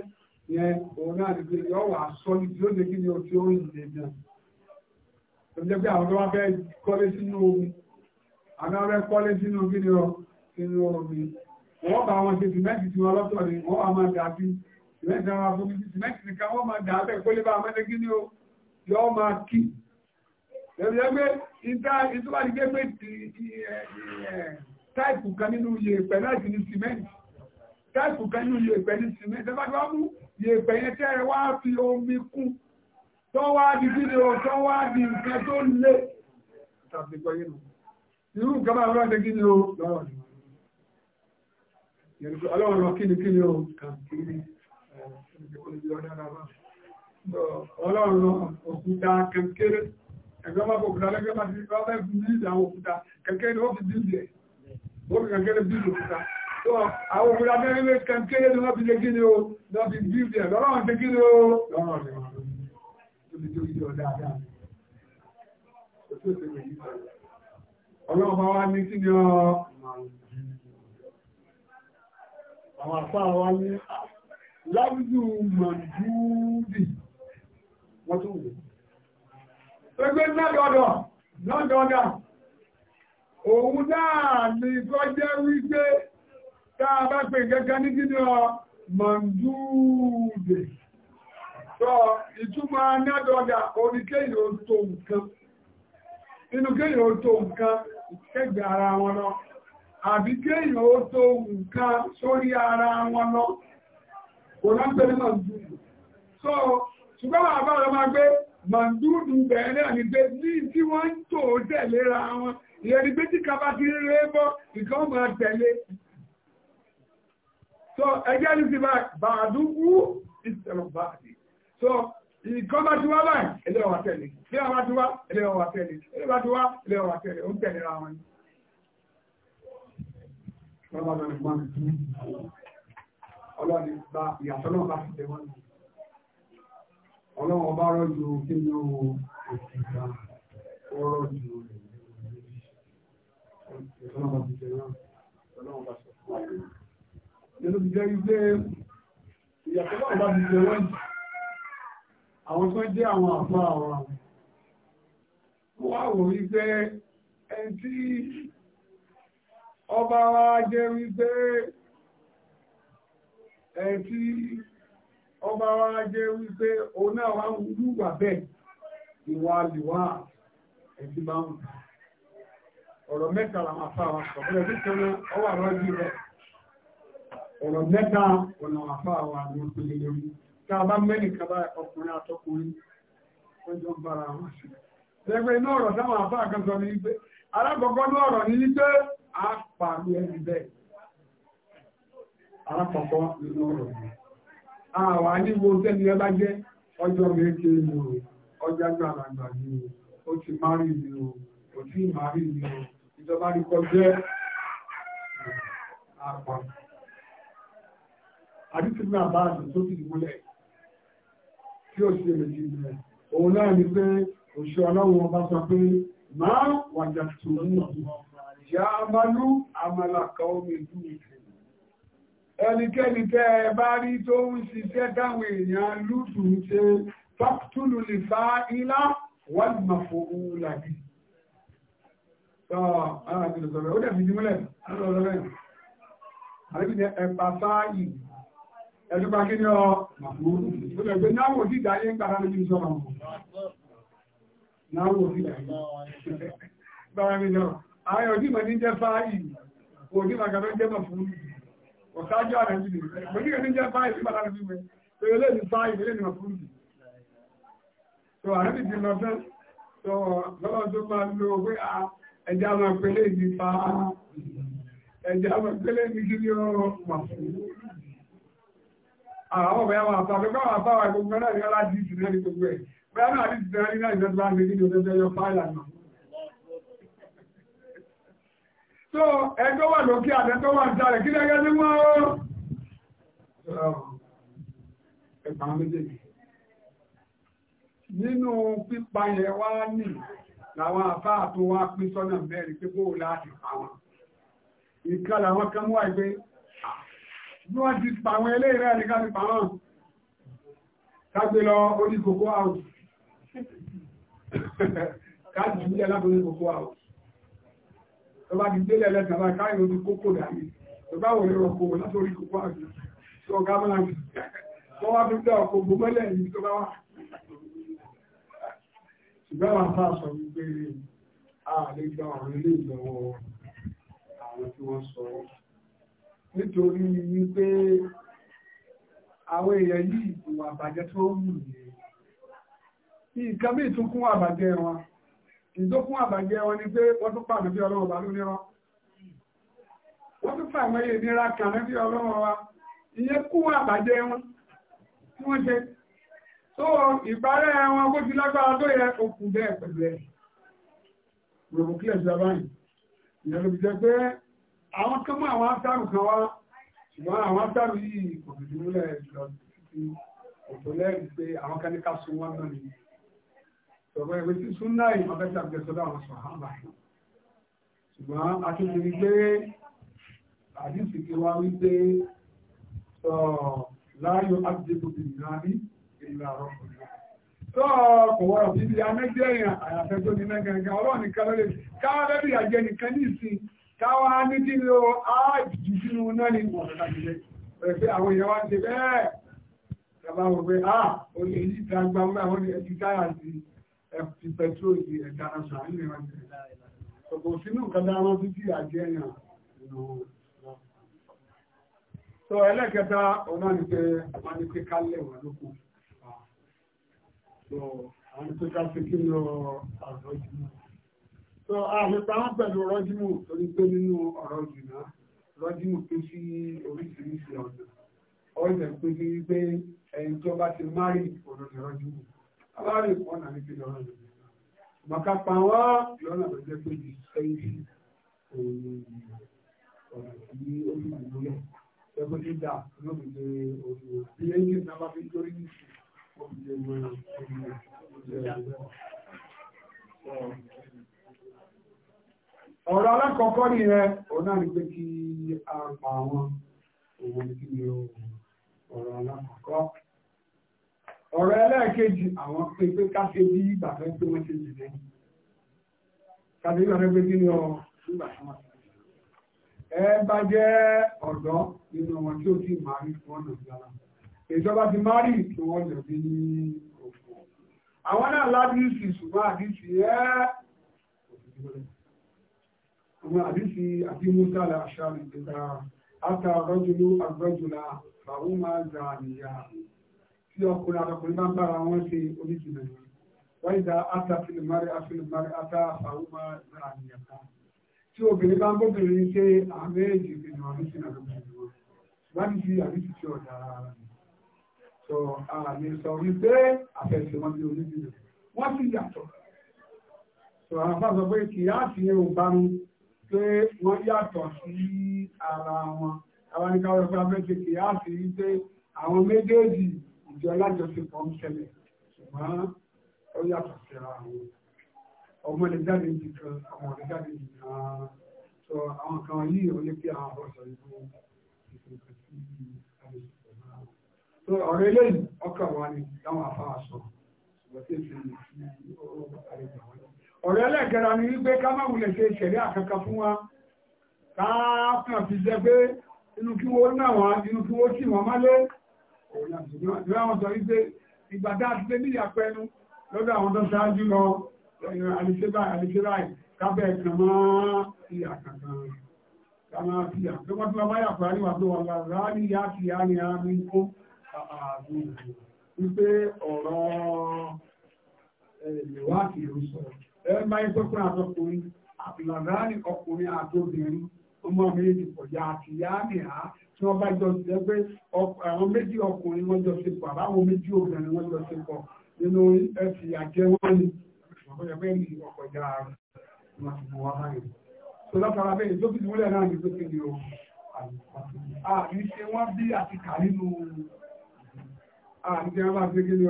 yẹn òun náà ti pé yóò wà sọ ní tí ó lé kí ni ọ tí ó ń lè gan. ìjọba àwọn tó wá fẹ́ kọ́lé sínú omi àná rẹ kọ́lé sínú gíní ọ sínú omi wọ́n bá wọn ṣe sìmẹ́ǹtì tí wọ́n lọ́tọ̀ ni wọ́n á máa dà sí sìmẹ́ǹtì àwọn afọ́mi sí sìmẹ́ǹtì nìkan wọ́n máa dà bẹ́ẹ̀ kólé bá amẹ́lẹ́ gíní o yọ máa kì ẹ̀rù ẹgbẹ́ ìta ìtúwádìí gbé pé táìpù kan nínú yèèpẹ̀ láti ní sìmẹ́ǹtì táìpù kan nínú yèèpẹ̀ ní sìmẹ́ǹtì ẹ bá ti wá mú yèèpẹ̀ yẹn tẹ́ ẹ wá fi omi kún tó di gíní o tó di nǹkan tó le tàbí gbọ́yé irú nǹkan máa lọ́wọ́ kí ni o lọ́wọ́ ni ọlọ́run lọ kí ni kí ni o kàn kí ni ọlọ́run lọ òkúta kékeré ẹgbẹ́ máa bọ̀ òkúta lẹ́gbẹ́ máa ti fi ọlọ́run fi bíìlì àwọn òkúta kékeré ni wọ́n fi bíìlì ẹ̀ wọ́n fi kékeré bíìlì òkúta tó àwọn òkúta kékeré kékeré ni wọ́n fi lé kí ni o lọ́wọ́ fi bíìlì ẹ̀ lọ́rọ̀ fi kí ni o lọ́rọ̀ ni wọ́n ọlọ́run bá wá ní kí ni ọ àwọn àpá wa ní ah, láwùjú mọ̀júùdì wọ́n tún wù. Ẹgbẹ́ lọ́dọọdọ̀ lọ́dọọdà òun náà ní kọ́ jẹ́ wípé tá a bá pè gẹ́gẹ́ ní kí ni ọ mọ̀júùdì. Sọ ìtumọ̀ lọ́dọọdà orí kéyìn tó nǹkan. Inú kéyìn ó tó nǹkan kẹ́gbẹ̀ ara wọn lọ àbí kéèyàn ó tó nǹkan sórí ara wọn lọ kò lọ́pẹ́ ní mọ̀dúdù so ṣùgbọ́n wà bá ọ̀rọ̀ máa gbé mọ̀dúdù bẹ̀rẹ̀ ní pé ní tí wọ́n ń tò tẹ̀léra wọn ìyẹn pé tí kaba ti ń bọ́ so ẹgbẹ́ ní ti bá bàdúgbù ìtẹ̀lọ̀ bàdì so ìkọ́ bá ti wá báyìí ẹlẹ́wọ̀n wá tẹ̀lé bí wọ́n bá ti wá ẹlẹ́wọ̀n wá tẹ̀lé ẹlẹ́wọ̀n bá ti wá ẹlẹ́wọ̀n wá tẹ̀lé ó ń tẹ̀lé ra wọn ni. ọlọ́ni bá ìyàtọ̀ náà bá kí ni ó òkúta ó rọ́jò rẹ̀ ìtọ́nà bá ti tẹ̀ náà ọlọ́run bá sọ fún wa àwọn tó jẹ́ àwọn àfá àwọn àwọn wà wò wípé ẹni tí ọba wa jẹ́ wípé ẹni tí ọba wa jẹ́ wípé òun náà wá ń wúwà bẹ́ẹ̀ ìwà àlìwà ẹ̀sí bá ń ọ̀rọ̀ mẹ́ta làwọn àfá wa sọ̀rọ̀ tí kẹ́lẹ́ ọwà rọ́jú rẹ̀ ọ̀rọ̀ mẹ́ta ọ̀nà àfá wa ni ó tá a bá kaba ọkùnrin àtọkùnrin wọ́n jọ ń sí. lẹ́gbẹ̀ẹ́ inú ọ̀rọ̀ táwọn àbá kan ní wípé alákọ̀ọ́kọ́ ní ọ̀rọ̀ ní a pàlú ẹni bẹ́ẹ̀. alákọ̀ọ́kọ́ ọ̀rọ̀ yìí. àwa níbo tẹ́ni ẹ bá jẹ́ ọjọ́ o ọjọ́ o ó ti o o ìjọba tí ó ṣe lè jù rẹ̀ òun náà ni pé òṣìṣẹ́ ọlọ́run ọba sọ pé máa wàjà tó mú ìyá amálú amálàkà omi dùn ẹnikẹ́ni tẹ́ ẹ bá rí tó ń ṣiṣẹ́ táwọn èèyàn lùtù ń ṣe fàtúlù lè fa ilá wọ́n máa fòun làbí. Ó dẹ̀ fi jí múlẹ̀, ó lọ lọ́rẹ̀. Àbíbi ẹ̀pà fáyì ẹ̀dùpá kí ọ ìgbẹ̀gbẹ̀ náwó sí ìdáyé ń gbára níbi ìṣọ́ra wọn náwó sí ìdáyé gbára mi náà ààrẹ òdìmọ̀ ní jẹ́ fáyì òdìmọ̀ gàbẹ́ jẹ́ mọ̀ fún ní jẹ́ sí níbi tó yẹ mọ̀ fún mi tó ti di lọ́fẹ́ tó lọ́wọ́ tó máa lo ẹja máa pélé ìdí ẹja máa pélé ìdí kí ni ọ àwọn ọ̀bẹ̀ àwọn àtàgbẹ́gbẹ́ àwọn àbáwà ìgbogbo náà yọ́lá di ìsìnlẹ̀ ní gbogbo ẹ̀ bẹ́ẹ̀ náà di ìsìnlẹ̀ ní náà ìjọba ní ní ọjọ́ ẹyọ fáìlà náà so ẹjọ́ wà àtẹ́tọ́ wà jàrẹ̀ kí lẹ́gẹ́ ní wọ́n ó ẹ̀pà méjèèjì nínú pípa yẹn wá nì làwọn àfáà tó wá pín sọ́nà mẹ́rin pé láti pa wọn ìkàlà kan wà pé bí wọ́n ti pàwọn ilé ìrẹ́ àríká ti pàwọn kágbé lọ orí kòkó out káàkì ní aláborí kòkó out tó bá ti délẹ̀ lẹ́tàlá káàkì orí kòkó dàní tó bá wọlé ọkọ̀ látorí kòkó out tó ọgá mọ́lá tó wá fi dẹ́ ọkọ̀ gbọmọ́lẹ̀ yìí àwọn tí wọ́n sọ nítorí wípé àwọn èèyàn yìí ìwà àbàjẹ́ tó ń mú ní nǹkan bí ìtúnkún àbàjẹ́ wọn ìdókún àbàjẹ́ wọn ni pé wọ́n tún pàdé bí ọlọ́run bá lóní rán wọ́n tún pàdé yìí nira kàná bí ọlọ́run wa ìyẹn kú àbàjẹ́ wọn tí wọ́n ṣe tó ìparẹ́ wọn bó ti lágbára tó yẹ okùn bẹ́ẹ̀ pẹ̀lú ẹ̀ rògbòkílẹ̀ ìjọba yìí ìyẹn ló fi jẹ́ pé àwọn kan mọ́ àwọn afẹ́rù kan wá ṣùgbọ́n àwọn afẹ́rù yìí kò dùdú múlẹ̀ jùlọ títí òtò lẹ́rìí pé àwọn kan ní ká sun wọn náà nìyí ṣọ̀rọ̀ ìwé tí sún náà yìí ọ̀fẹ́ tàbí ẹ̀sọ́dọ̀ àwọn sọ̀hábà ṣùgbọ́n a ti rí pé àdìsí kí wá wí pé láyọ̀ ábíjẹ́tò ti nà ní ìlà ọ̀rọ̀ tó kò wọ́n bíbí amẹ́jẹ́ àyàfẹ́ tó ní mẹ́gàngàn ọlọ́ọ̀nì kan lọ́lẹ̀ káwọ́ bẹ́bí nìkan ní ìsìn káwà ní kí ni ó áàjì sínú náà ní ọ̀rẹ́dàgbẹ́ pẹ̀lú àwọn èèyàn wá ti bẹ́ẹ̀ bàbá wọn pé ah ó lè yí ta gbangba ó lè ti táyà sí ẹ̀fì pẹ̀tró sí ẹ̀dá aṣọ ànílẹ̀ wọn ti ọ̀pọ̀ sínú nǹkan dáná títí àjẹ́ yàn nínú so ẹlẹ́kẹta ọ̀nà ni pé wọ́n ní pé kálẹ̀ so àhìpa wọn pẹ̀lú rọ́jímù torí pé nínú ọ̀rọ̀ jùlọ rọ́jímù pín sí oríṣiríṣi ọ̀nà ọ̀sẹ̀ pín sí wípé ẹni tó bá ti márì ọ̀nà ní rọ́jímù aláàrẹ̀ ìpọ́n náà ní pé lọ́rọ̀ jùlọ màkàpà wọn lọ́nà tó jẹ́ pé di sẹ́yìn òun ọ̀nà tí ó fi ìgbóyẹ̀ ẹgbẹ́ tó dà lóbi lé orí wọn bí ẹni náà bá fi torí nìṣẹ́ ó fi lé wọn orí wọn ọ̀rọ̀ alákọ̀ọ́kọ́ ní rẹ òun náà pé kí a pa wọn òun kí ni ọ̀rọ̀ alákọ̀ọ́kọ́ ọ̀rọ̀ ẹlẹ́ẹ̀kejì àwọn pé pé ká ṣe bí ìgbà fẹ́ pé wọ́n ṣe jìnnà tàbí ìgbà fẹ́ pé kí ni ọ̀rọ̀ nígbà tí wọ́n ṣe ẹ bá jẹ́ ọ̀dọ́ nínú wọn tí ó ti máa rí wọn nà sí ara ìjọba ti máa rí kí wọ́n lè náà àwọn àdísì àti musa làṣà nìgbà àtà rọ́júlú àgbọ́jùlá fàwọn máa gbà nìyà tí ọkùnrin àtọkùnrin bá ń bára wọn ṣe oníjìnà wọ́n ìdá àtà fìlìmárì àfìlìmárì àtà fàwọn máa gbà nìyà kan tí obìnrin bá ń bóbìnrin ṣe àmẹ́jì ìgbìmọ̀ àdísìnà lóbìnrin wọn wọ́n ti fi àdísì tí ọ̀dà ara rẹ̀ sọ àmì sọ wípé àfẹsẹ̀ ní oníjìnà wọ́n sì yàtọ̀ sọ àwọn afáàsọ pé kìí pé wọ́n yàtọ̀ sí ara wọn àwọn ní káwọn ọ̀pá mẹ́tẹ̀ kì á sì rí pé àwọn méjèèjì ìjọ alájọsìnkọ̀ ń ṣẹlẹ̀ ṣùgbọ́n ó yàtọ̀ sí ara wọn ọmọ lè jáde ìdí kan ọmọ lè jáde ìdí kan sọ àwọn kan yìí ó lè pé àwọn ọ̀sọ̀ ìlú ìpínlẹ̀ sí àdéṣùpọ̀ náà so ọ̀rọ̀ eléyìí ọkọ̀ wa ni táwọn afáàṣọ ṣùgbọ́n tí èsì ìlú sí ó àlejò àwọn ọ̀rẹ́ ẹlẹ́gẹ̀ra ni wípé ká má wulẹ̀ ṣe ṣẹ̀rí àkankan fún wa káàkàn fi jẹ́ pé inú kí wọ́n náà wá inú kí wọ́n tì wọ́n má lé ìwé àwọn sọ wípé ìgbà dá ti lé níyà pẹ́nu lọ́dọ̀ àwọn tó ṣáájú lọ àlìṣẹ́bà àlìṣẹ́bà kábẹ́ ni a ní kó ẹ̀ẹ́mà ìtọ́kùnrin àtọkùnrin àtìlàgáàrí ọkùnrin àtobìnrin ọmọ méjì kọjá àti yáàmì á tí wọ́n bá jọ jẹ́ pé àwọn méjì ọkùnrin wọ́n jọ ṣe pọ̀ àbáwọn méjì obìnrin wọ́n jọ ṣe pọ̀ nínú ẹ̀sìn àjẹ́ wọn ni ọ̀pọ̀lọpọ̀ ẹ̀mí ọkọjá wọn ti mú wá báyìí. tó látara bẹ́ẹ̀ tó fi múlẹ̀ náà ní pépé ni o àmì ṣe wọ́n bí àti kà nínú àmì ṣe wọ́n bá ṣe kí ni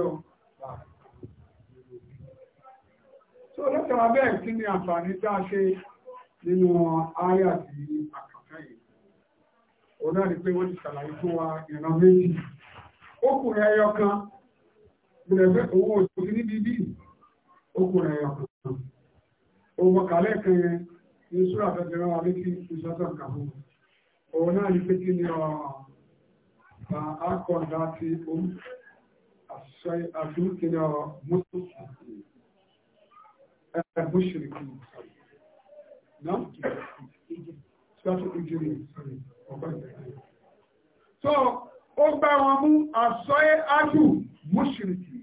tó lẹ́tọ̀ọ́ bẹ́ẹ̀ ni àǹfààní tá a ṣe nínú àyà tí àkàfẹ́ yìí òun náà ni pé wọ́n ti ṣàlàyé fún wa ìran méjì ẹyọ kan gbìyànjẹ́ owó òṣèlú níbi bí okùnrin ẹyọ kan òun kàlẹ́ kan yẹn ní sùúrà tẹ̀lé wọn alẹ́ kí ìṣọ́tọ̀ kà fún òun náà ni pé kí ni ti àṣọ àdúgbò kí ni المشركين نعم سورة الإنجيل sorry so ó gbá wọn mú àsọ́yé ájù mùṣìrìkì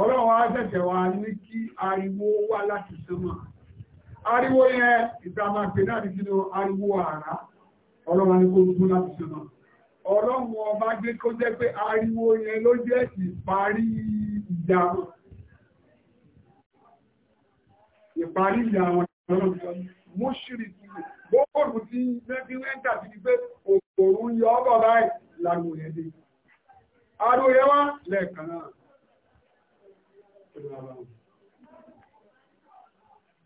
ọ̀rọ̀ wa ṣẹ̀ṣẹ̀ wà ní kí ariwo wá láti sánmà ariwo yẹn ìtàmà pé náà ní sínú ariwo ààrá ọ̀rọ̀ wa ní kó dún láti sánmà ọ̀rọ̀ wọn bá gbé kó jẹ́ pé ariwo yẹn ló jẹ́ ìparí ìdàmú ìparí ìyá àwọn ìjọba mú ṣírí gbogbo tí mẹ́bí rẹ́ńtà ti di pé òkòrò ń yọ ọ́bọ̀ báyìí lágbo yẹn dé aró yẹn wá lẹ́ẹ̀kan náà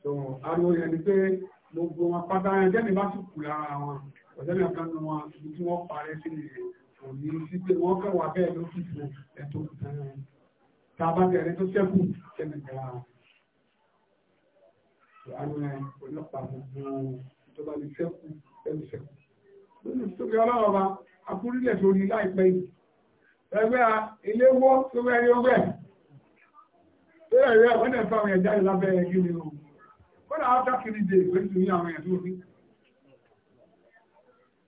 so aró yẹn ni pé gbogbo wọn pátá yẹn jẹ́ni bá sì kù lára wọn ọ̀sẹ́ni ọ̀kan ní wọn ibi tí wọ́n parẹ́ sí nìyẹn òní sí pé wọ́n kẹwàá bẹ́ẹ̀ ló fi fún ẹ̀tọ́ ìtàn yẹn tá a bá bẹ̀rẹ̀ tó ṣẹ́kù ṣẹ́ni wọn àwọn ọlọ́pàá gbogbo ìjọba lè fẹ́kù ẹ̀mí fẹ́kù. lónìí tó fi ọlọ́run ọba akúrílẹ̀ sórí láìpẹ́ yìí ẹgbẹ́ iléwọ́ tó wẹ́ ní ọgbẹ́ tó yẹ rẹ wọ́n dẹ̀ fún àwọn ẹ̀já yìí lábẹ́ ẹ̀yìn mi o wọ́n náà wọ́n dákìrì dé ìwé tó ní àwọn ẹ̀dùn òní.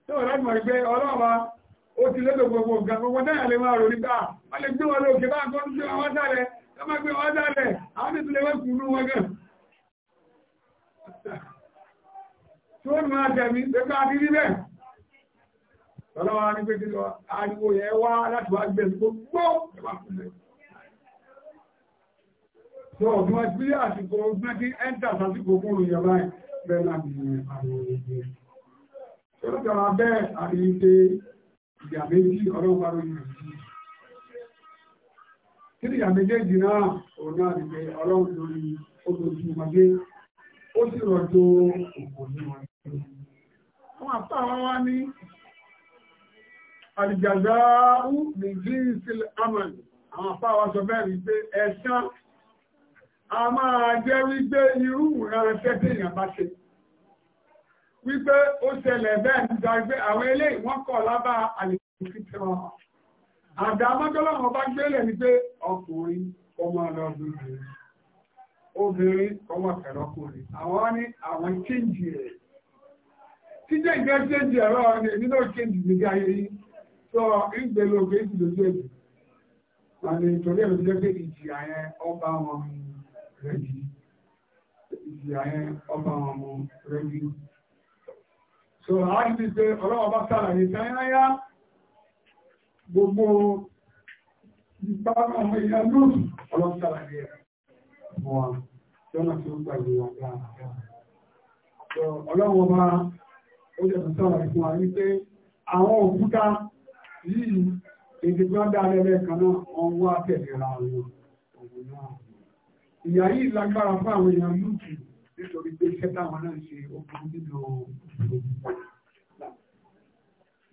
tó wọ́n láti mọ̀ pé ọlọ́ọ̀ba ó ti lọ́dọ̀ gbogbo nǹkan gbogbo náà lè máa rò nígbà wọ́n lè gbé wọn lókè bá àgbọ̀n gbé wọn wá sálẹ̀ tí ó máa jẹ̀mí pẹ́kọ́ àti rí bẹ́ẹ̀ ní pé kí lọ ariwo yẹ wá láti wá gbẹ̀ gbogbo ẹwà kúlẹ̀ àsìkò tí ẹ́ntà sásìkò fún olùyọ̀lá bẹ́ẹ̀ láti àwọn ẹgbẹ́ tó ní pé ọlọ́run lórí ó sì rọ̀jò òkò ní wọn. Wọ́n àpá àwọn wá ní àlìjàzáú ní jíńsìl amal. Àwọn àpá wa sọ bẹ́ẹ̀ wípé ẹ̀san a máa jẹ́ wípé irú ìrànṣẹ́ tí èèyàn bá ṣe. Wípé ó ṣẹlẹ̀ bẹ́ẹ̀ nígbà wípé àwọn eléyìí wọ́n kọ̀ lábá àlìjàzáú ti wọn. Àdá amọ́jọ́lọ́wọ́ bá gbélé ni pé ọkùnrin ọmọ ọlọ́dún obìnrin ọmọ fẹ̀rọ̀kùnrin àwọn ní àwọn kéńjì rẹ̀ tí jẹ́ ìgbẹ́ kéńjì ẹ̀rọ ni èmi náà kéńjì ní bí ayé yìí tó ìgbèlò kéńjì lójú èdè wọn ni torí ẹ̀rọ jẹ́ pé ìjì àyẹn ọba wọn rẹ̀ jì ìjì àyẹn ọba wọn mọ rẹ̀ jì so a ti di pé ọlọ́wọ́ bá sàlàyé sáyáyá gbogbo ìpamọ́ ọmọ ìyá lóòrùn ọlọ́wọ́ sàlàyé rẹ̀ fún wa lọ́nà tí ó gbàgbé wa dáadáa. Ọlọ́run ọba ó jẹ́ tó sọ̀rọ̀ fún wa wípé àwọn òkúta yìí èdè tó dá lẹ́lẹ́ kan náà wọ́n wá tẹ̀lé ra wọn òun náà. Ìyá yìí lágbára fún àwọn èèyàn lùkì nítorí pé iṣẹ́ táwọn náà ṣe okùn nínú òkúta.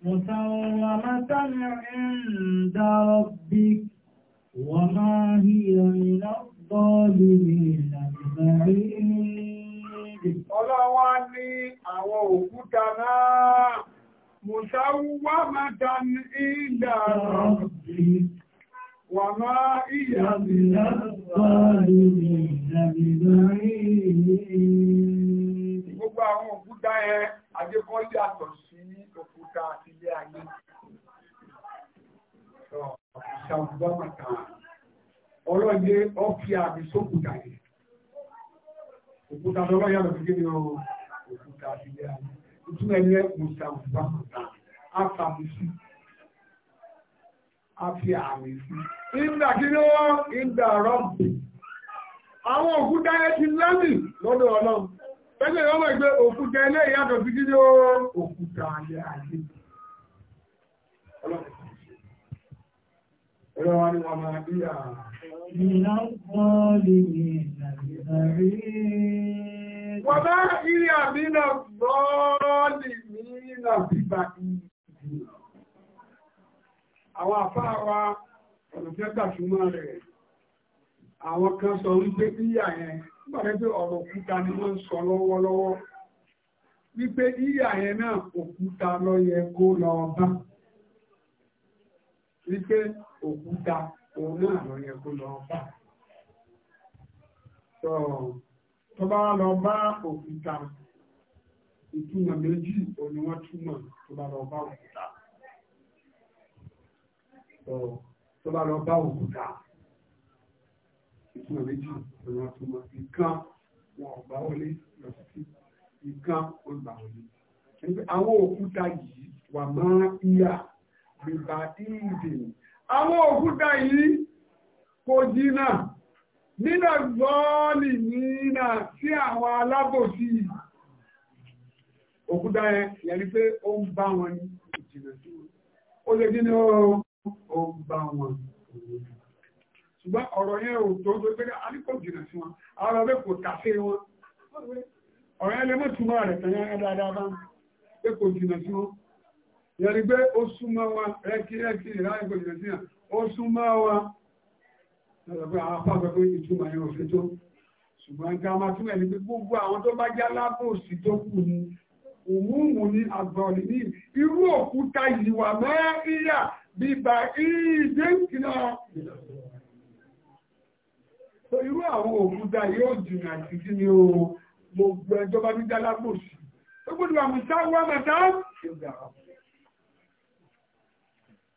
مسومة عند ربك الظالمين ببعيد ọlọ́wọ́ ní àwọn òkúta náà mùsáwúwá mẹ́ta ní ìdá rọ̀bì wà máa ìyà bìlá الظالمين ببعيد gbogbo àwọn òkúta ẹ ajẹ́kọ́ yàtọ̀ sí òkúta àti ilé ayé Ìṣàwùgbọ́n mẹ́ta ọlọ́ọ̀dẹ ọ̀kì àbí sókùtà yìí òkúta lọ́lọ́ yàtọ̀ sí kí ni ọ òkúta ti lé àná ìtumọ̀ ẹni mùsàmùsà mùsà àfàmùsì àfi àmì sí ìgbà kí ni wọ́n ìgbà rọ́ọ̀bù àwọn òkúta yẹn ti lẹ́mì lọ́dọ̀ ọlọ́run pẹ́lẹ̀ ọmọ ìgbé òkúta ilé ìyàtọ̀ sí kí òkúta ayé ayé ọlọ́run ọlọ́run wa ni wọ́n من الظالمين ببعيد وما هي من الظالمين ببعيد àwọn àfáà wa ọ̀nàfẹ́gbà súnmọ́ rẹ̀ àwọn kan sọ wípé ìyà yẹn gbọ́dọ̀ pé ọ̀rọ̀ òkúta ni wọ́n ń sọ lọ́wọ́lọ́wọ́ wípé ìyà yẹn náà òkúta ló yẹ kó lọ bá wípé òkúta òun náà lọ yẹ kó lọ bá tó bá lọ bá òkúta ìtumọ̀ méjì òun ni wọ́n túmọ̀ tó bá lọ bá òkúta tó bá lọ bá òkúta ìtumọ̀ méjì òun wọ́n túmọ̀ ìkan wọn ò gbà wọlé lọ sí ìkan ò gbà wọlé àwọn òkúta yìí wà máa ń yà bíbá ìdènà àwọn òkúta yìí kò jìnà nínà gbọ́ọ̀lì nínà sí àwọn alábòsí òkúta yẹn yẹn ni pé ó ń bá wọn ní ìjìnà sí wọn ó lè dín ní ó ń bá wọn ṣùgbọ́n ọ̀rọ̀ yẹn ò tó tó gbé a ní kò jìnà sí wọn àwọn ọ̀rọ̀ kò tàṣe wọn ọ̀rọ̀ yẹn lè mọ̀ túmọ̀ rẹ̀ tẹ̀yẹ́ dáadáa bá ń pé kò jìnà sí wọn yẹni pé ó súnmọ́ wa rẹ́kírẹ́kí láìpẹ́ ìrìn sí ó súnmọ́ wa lọ́pẹ́ àwọn apábẹ́ pé ìtumọ̀ yẹn òfin tó ṣùgbọ́n ká máa túnmọ̀ ní pé gbogbo àwọn tó bá já lábòsí tó kù ní òmùmù ní àgbọ̀nì ní irú òkúta ìwà mẹ́rìnlá bíbá ìdè ìkìlá irú àwọn òkúta yóò jìnà sí kí ni gbogbo ẹjọ́ bá ní já lábòsí ó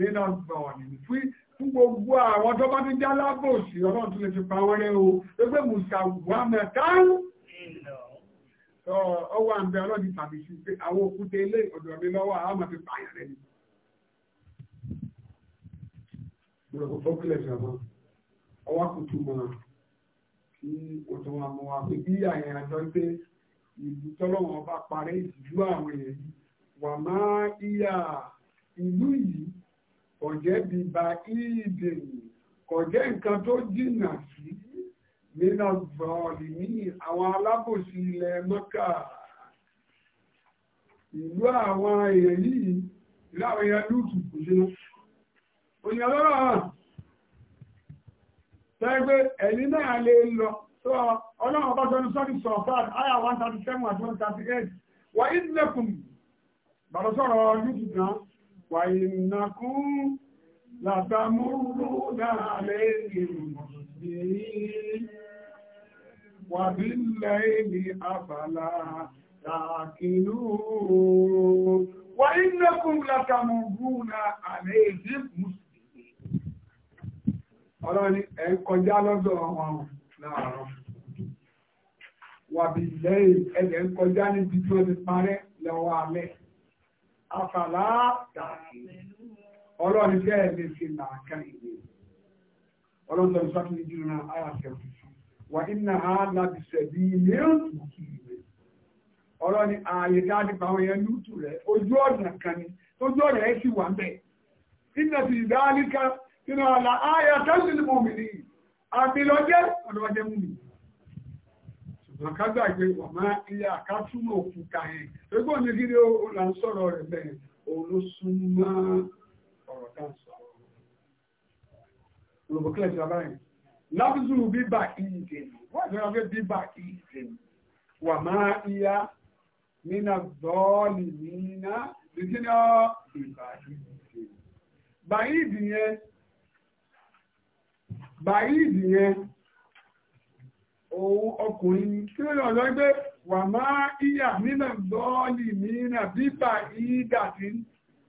nínú ọ̀nì fún gbogbo àwọn tó bá ti já lábòsí ọlọ́run tó lè fi pa wọ́rẹ́ o ẹgbẹ́ musa wà mẹ́ta ọwọ́ àǹbẹ ọlọ́dì tàbí sí pé àwọn òkúta ilé ọ̀dọ̀ mi lọ́wọ́ àwọn máa fi pààyàn rẹ̀ ni. ọwọ́ kùtù mọ́ kí òtún wa mọ́ wa pé bí àyàn àjọ ìlú tọ́lọ́wọ́n bá parẹ́ ìlú àwọn èèyàn wà máa ìyá ìlú yìí kò jẹ́ bíbá ìdè kò jẹ́ nǹkan tó jìnnà sí nínú bọ̀ọ̀lì ní àwọn alábòsí ilẹ̀ mọ́kà ìlú àwọn èèyàn yìí ìlú àwọn èèyàn lùtù kò ṣe òyìn ọlọ́rọ̀ hàn tẹ́gbẹ́ ẹ̀yìn náà lè lọ tó ọlọ́run bá jọnu sọ́ọ̀dì sọ̀fàd àyà 137 àti 138 wà ìdílẹ̀kùn bàbá sọ̀rọ̀ lùtù náà وإنكم لتمرون عليهم مسلمين وبالليل أفلا تعقلون وإنكم لتمرون عليهم مسلمين ọlọ́ni ẹ̀ kọjá lọ́dọ̀ wọn láàárọ̀ wàbí lẹ́yìn ẹ̀dẹ̀ ń kọjá níbi tí wọ́n ti parẹ́ lọ́wọ́ alẹ́ àfàlà dàkì ọlọ́run jẹ́ ẹ̀mí fi máa ká ìwé ọlọ́run tó ń sọ́tún ní jùlọ náà ayà sẹ́wọ̀n wà iná ha láti sẹ̀bí ilé òtù kì í wé ààyè dáadé pa àwọn yẹn lútù rẹ̀ ojú ọ̀nà kan ni ojú ọ̀nà ẹ̀ sì wà ń iná ti dáálíkà nínú àlà ayà kásìlì mọ̀mìnì àmì ọ̀dọ́jẹ́ mú mi màkágbà pé ọ̀má ilé àkátúmọ̀ òkú ka yẹn gbogbo ní kí ni ó là ń sọ̀rọ̀ rẹ̀ bẹ́ẹ̀ òun ló sún mọ́ ọ̀rọ̀ tá à ń sọ̀rọ̀ olùkọ́ kílẹ̀ ìjọba yẹn lábùsù bíbà ìdè wọ́n ti rán pé bíbà ìdè wà máa ìyá nínà bọ́ọ̀lì nínà títí ìbà ìdè bàyìdì yẹn bàyìdì yẹn. òun ọkùnrin kí ló lọ pé wà máa ìyà nínà lọ́ọ̀lì mìíràn bíbà ìdà iyi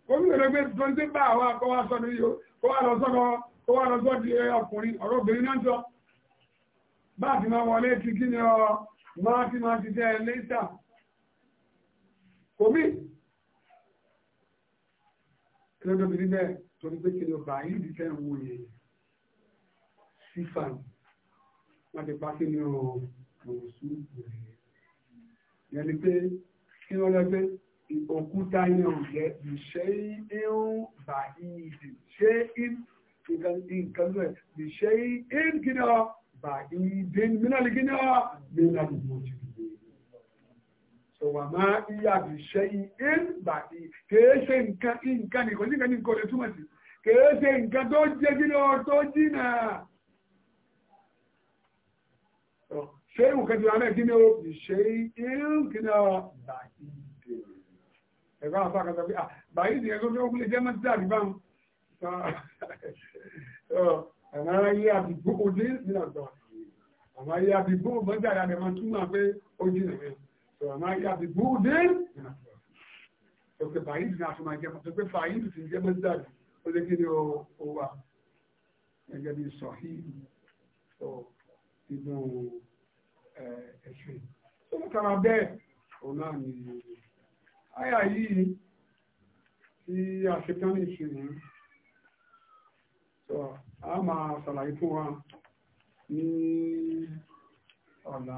gómìnà o pé tó bá àwọn akọwà sọ ní o kó wà lọ sọ́kọ kó wà lọ sọ́ di ọkùnrin ọ̀rọ̀ obìnrin náà bá ti máa wọlé ti kí ọ máa ti máa ti jẹ lẹ́sà omi ti fẹ́ wọ́n ti pàṣẹ ní ọ̀sù rẹ̀. Ìyẹn ni pé kí wọ́n lọ pé òkúta yẹn jẹ́ ìṣe ìhùn bá ìdì ṣé nǹkan lọ ìṣe ìhùn kí ni ọ bá ìdì mínàlì kí ni ọ mínàlì mo ti dìde. Sọ̀wà máa ìyá ìṣe ìhùn bá ìdì kìí ṣe nǹkan nǹkan nìkan nìkan nìkan lè túmọ̀ sí kìí nǹkan tó jẹ́ kí tó jìnnà. ṣe ìwòkẹ́jì wa náà gíní ó ṣe ìrìnkìnà bàyídì ẹ̀rọ àfáàkàtà pé bàyídì ẹ̀rọ tó kúlé jẹ́ mọ́ dáàbí bá ń ara yé àbìbò kò dé ní àgbà àmà yé àbìbò mọ́ dáadáa lè máa túmọ̀ pé ó jí nà mẹ́rin sọ àmà yé àbìbò dé ní àgbà òkè bàyídì náà fún ma jẹ́ mọ́ tó pé bàyídì ti jẹ́ mọ́ dáàbí ó lé kí ni ó wà ẹ̀jẹ̀ bí sọ̀hí ìdùn ẹ̀ṣẹ̀ tó ń tara bẹ́ẹ̀ òun náà ni àyà yìí tí a ṣe tán ní ìṣẹ̀lẹ̀ tó a máa ṣàlàyé fún wa ní ọ̀la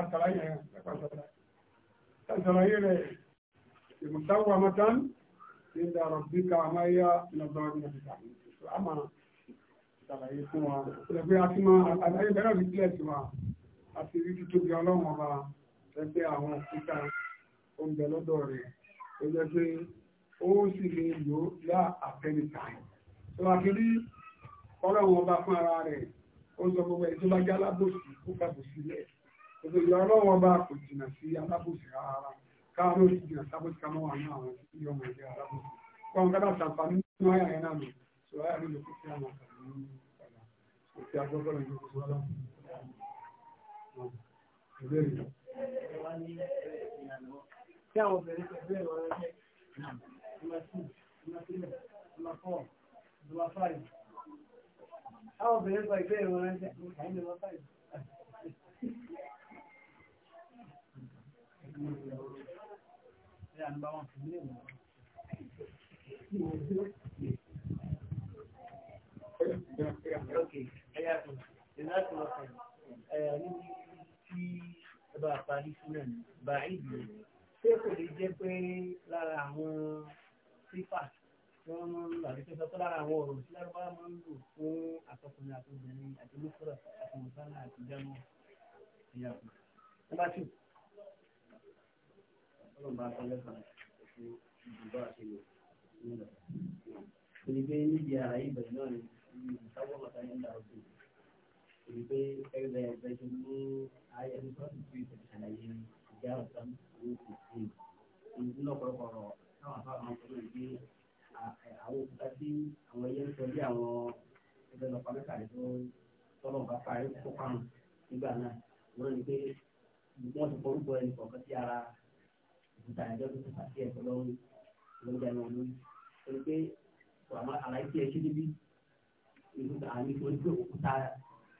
àṣàlàyé rẹ̀ ìmùtáwà mọ́tán inda rabbika amaya nazarin da ta a máa ṣàlàyé fún wa lẹ́gbẹ́ àti máa àlàyé bẹ̀rẹ̀ rí àti rí títóbi ọlọ́run ọba ẹgbẹ́ àwọn òkúta oúnjẹ lọ́dọ̀ rẹ̀ ó jẹ́ pé ó sì lè lò yá àfẹnìta tó a fi rí ọlọ́run ọba fún ara rẹ̀ ó sọ gbogbo ẹni tó bá jẹ́ alábòsí kó kàbò sílẹ̀ gbogbo ìyá ọlọ́run ọba kò jìnnà sí alábòsí rárá káwọn ló ti jìnnà sábòsí káwọn wà ní àwọn tí yọmọ ẹgbẹ́ alábòsí kọ́ńtà kátà sàǹfààní nínú àyà yẹn náà lò sọ àyà mi lò kó sí àwọn àkàrà ní ọ̀la kò sí agbọ́gbọ́n ìbéèrè. Tí àwọn obìnrin pẹ̀lú ẹ̀rọ ẹgbẹ́ number two, number three, number four, number five. Táwọn obìnrin pẹ̀lú ìbéèrè wọn ẹgbẹ́ àyè number five. Yeah, number one. Okay. Yeah. Is that what I'm saying? tí ẹ bá parí sí náà ní báyìí ṣé kò lè jẹ́ pé lára àwọn sífà tí wọ́n máa ń lò àti pẹ́sọ́ tó lára àwọn ọ̀rọ̀ tí lárúbáwá máa ń lò fún àtọkùnrin àti obìnrin àti mọ́kúrọ̀ àti mọ̀sánà àti jámọ́ ìyá kan. Nọ́mbà tù. Ọlọ́run bá a sọ lẹ́sàn-án ìdìbò àti ìlú. Olùgbé níbi àlàyé ìbẹ̀rẹ̀ náà ni ìtàwọ́ màtá ní ìdàrúdù èyí ẹgbẹ́ ẹgbẹ́ tó ní ayẹyẹ tó ti fi ṣàlàyé ìjà ọ̀sán owó kò sí ìlú lọ́pọ̀lọpọ̀ ọ̀rọ̀ táwọn afá máa ń sọ lórí àwọn òkúta tí àwọn ẹyẹ ń sọ bí àwọn ẹgbẹ́ lọ́pàá mẹ́tàlẹ́ tó tọ́lọ̀ bá parí kó pàmò nígbà náà wọ́n ní pé wọ́n ti forúkọ ẹni kọ̀ọ̀kan sí ara òkúta ẹjọ́ tó ti pàṣẹ ẹ̀kọ́ lọ́rùn lóúnjẹ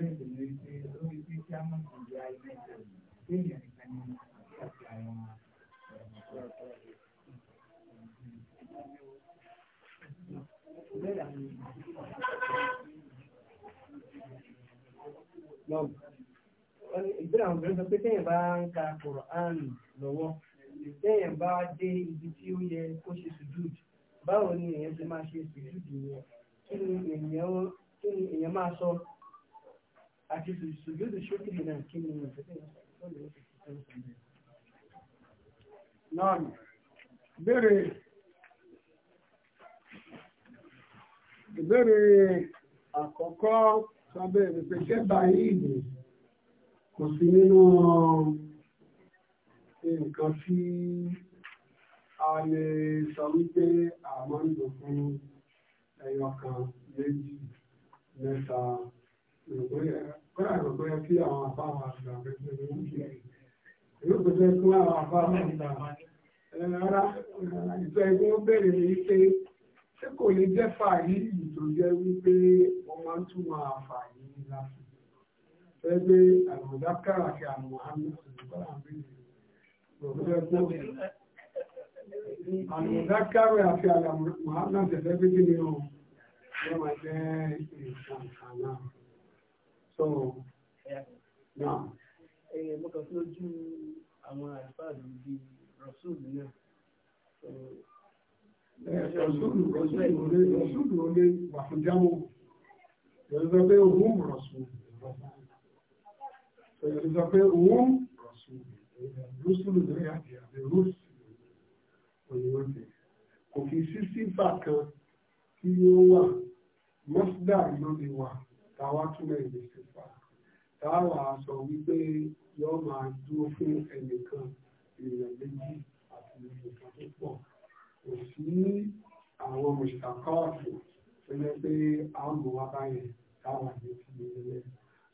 ìgbésẹ̀ ní wípé lórí pé kí á mọ̀ ní ìgbé ayé mẹ́ta tí èèyàn nìkan ní àti àwọn ìbéèrè àwọn obìnrin sọ pé téèyàn bá ń ka Quran lọ́wọ́ téèyàn bá dé ibi tí ó yẹ kó ṣe sùjúd báwo ni èèyàn ṣe máa ṣe sùjúd yẹn kí ni èèyàn máa sọ àti sùjúdù ṣókè náà kí ni wọ́n fẹ́ náà bèèrè ìbéèrè àkọ́kọ́ sábẹ́ ìrìnpẹ̀ṣẹ́ báyìí kò sí nínú nǹkan tí a lè sọ wípé àwọn ìlò fún ẹyọ kan méjì mẹ́ta kọ́lá gbogbo yẹ kí àwọn afá wa gbà pé kí ló ń kiri ìlú kò fẹ́ fún àwọn afá wa gbà rárá ìfẹ́ ẹgbẹ́ ó bẹ̀rẹ̀ ní pé ṣé kò lè jẹ́ fàáyí yìí tó jẹ́ wípé wọ́n máa ń túmọ̀ àfààní lásán fẹ́ gbé àlùmọ̀dá kára àti àlùmọ̀hámi kọ́lá gbé àlùmọ̀dá kára àti àlùmọ̀hámi náà tẹ̀lé pé kí ni ó wọ́n máa jẹ́ ìṣàǹfà náà so náà. mo kàn sí ojú àwọn àlùfáà ló di rọ̀ṣùlù náà. rọ̀ṣùlù ò lè wà fún jáwó yọ̀rọ̀ sọ pé òun rọ̀ṣùlù yọ̀rọ̀ sọ pé òun rọ̀ṣùlù rọ̀ṣùlù lórí àti àti rọ̀ṣùlù òyìnbó kò fi sí sífà kan tí yóò wà mọ́sídà ló lè wà táwa túmọ̀ èdè sífà táwa sọ wípé yóò máa dúró fún ẹnìkan èèyàn méjì àti ìrìnkan tó pọ̀ kò sí àwọn mùsàkọ́ọ̀tù tó yẹ pé àmúwá báyẹn táwa ní ti ilé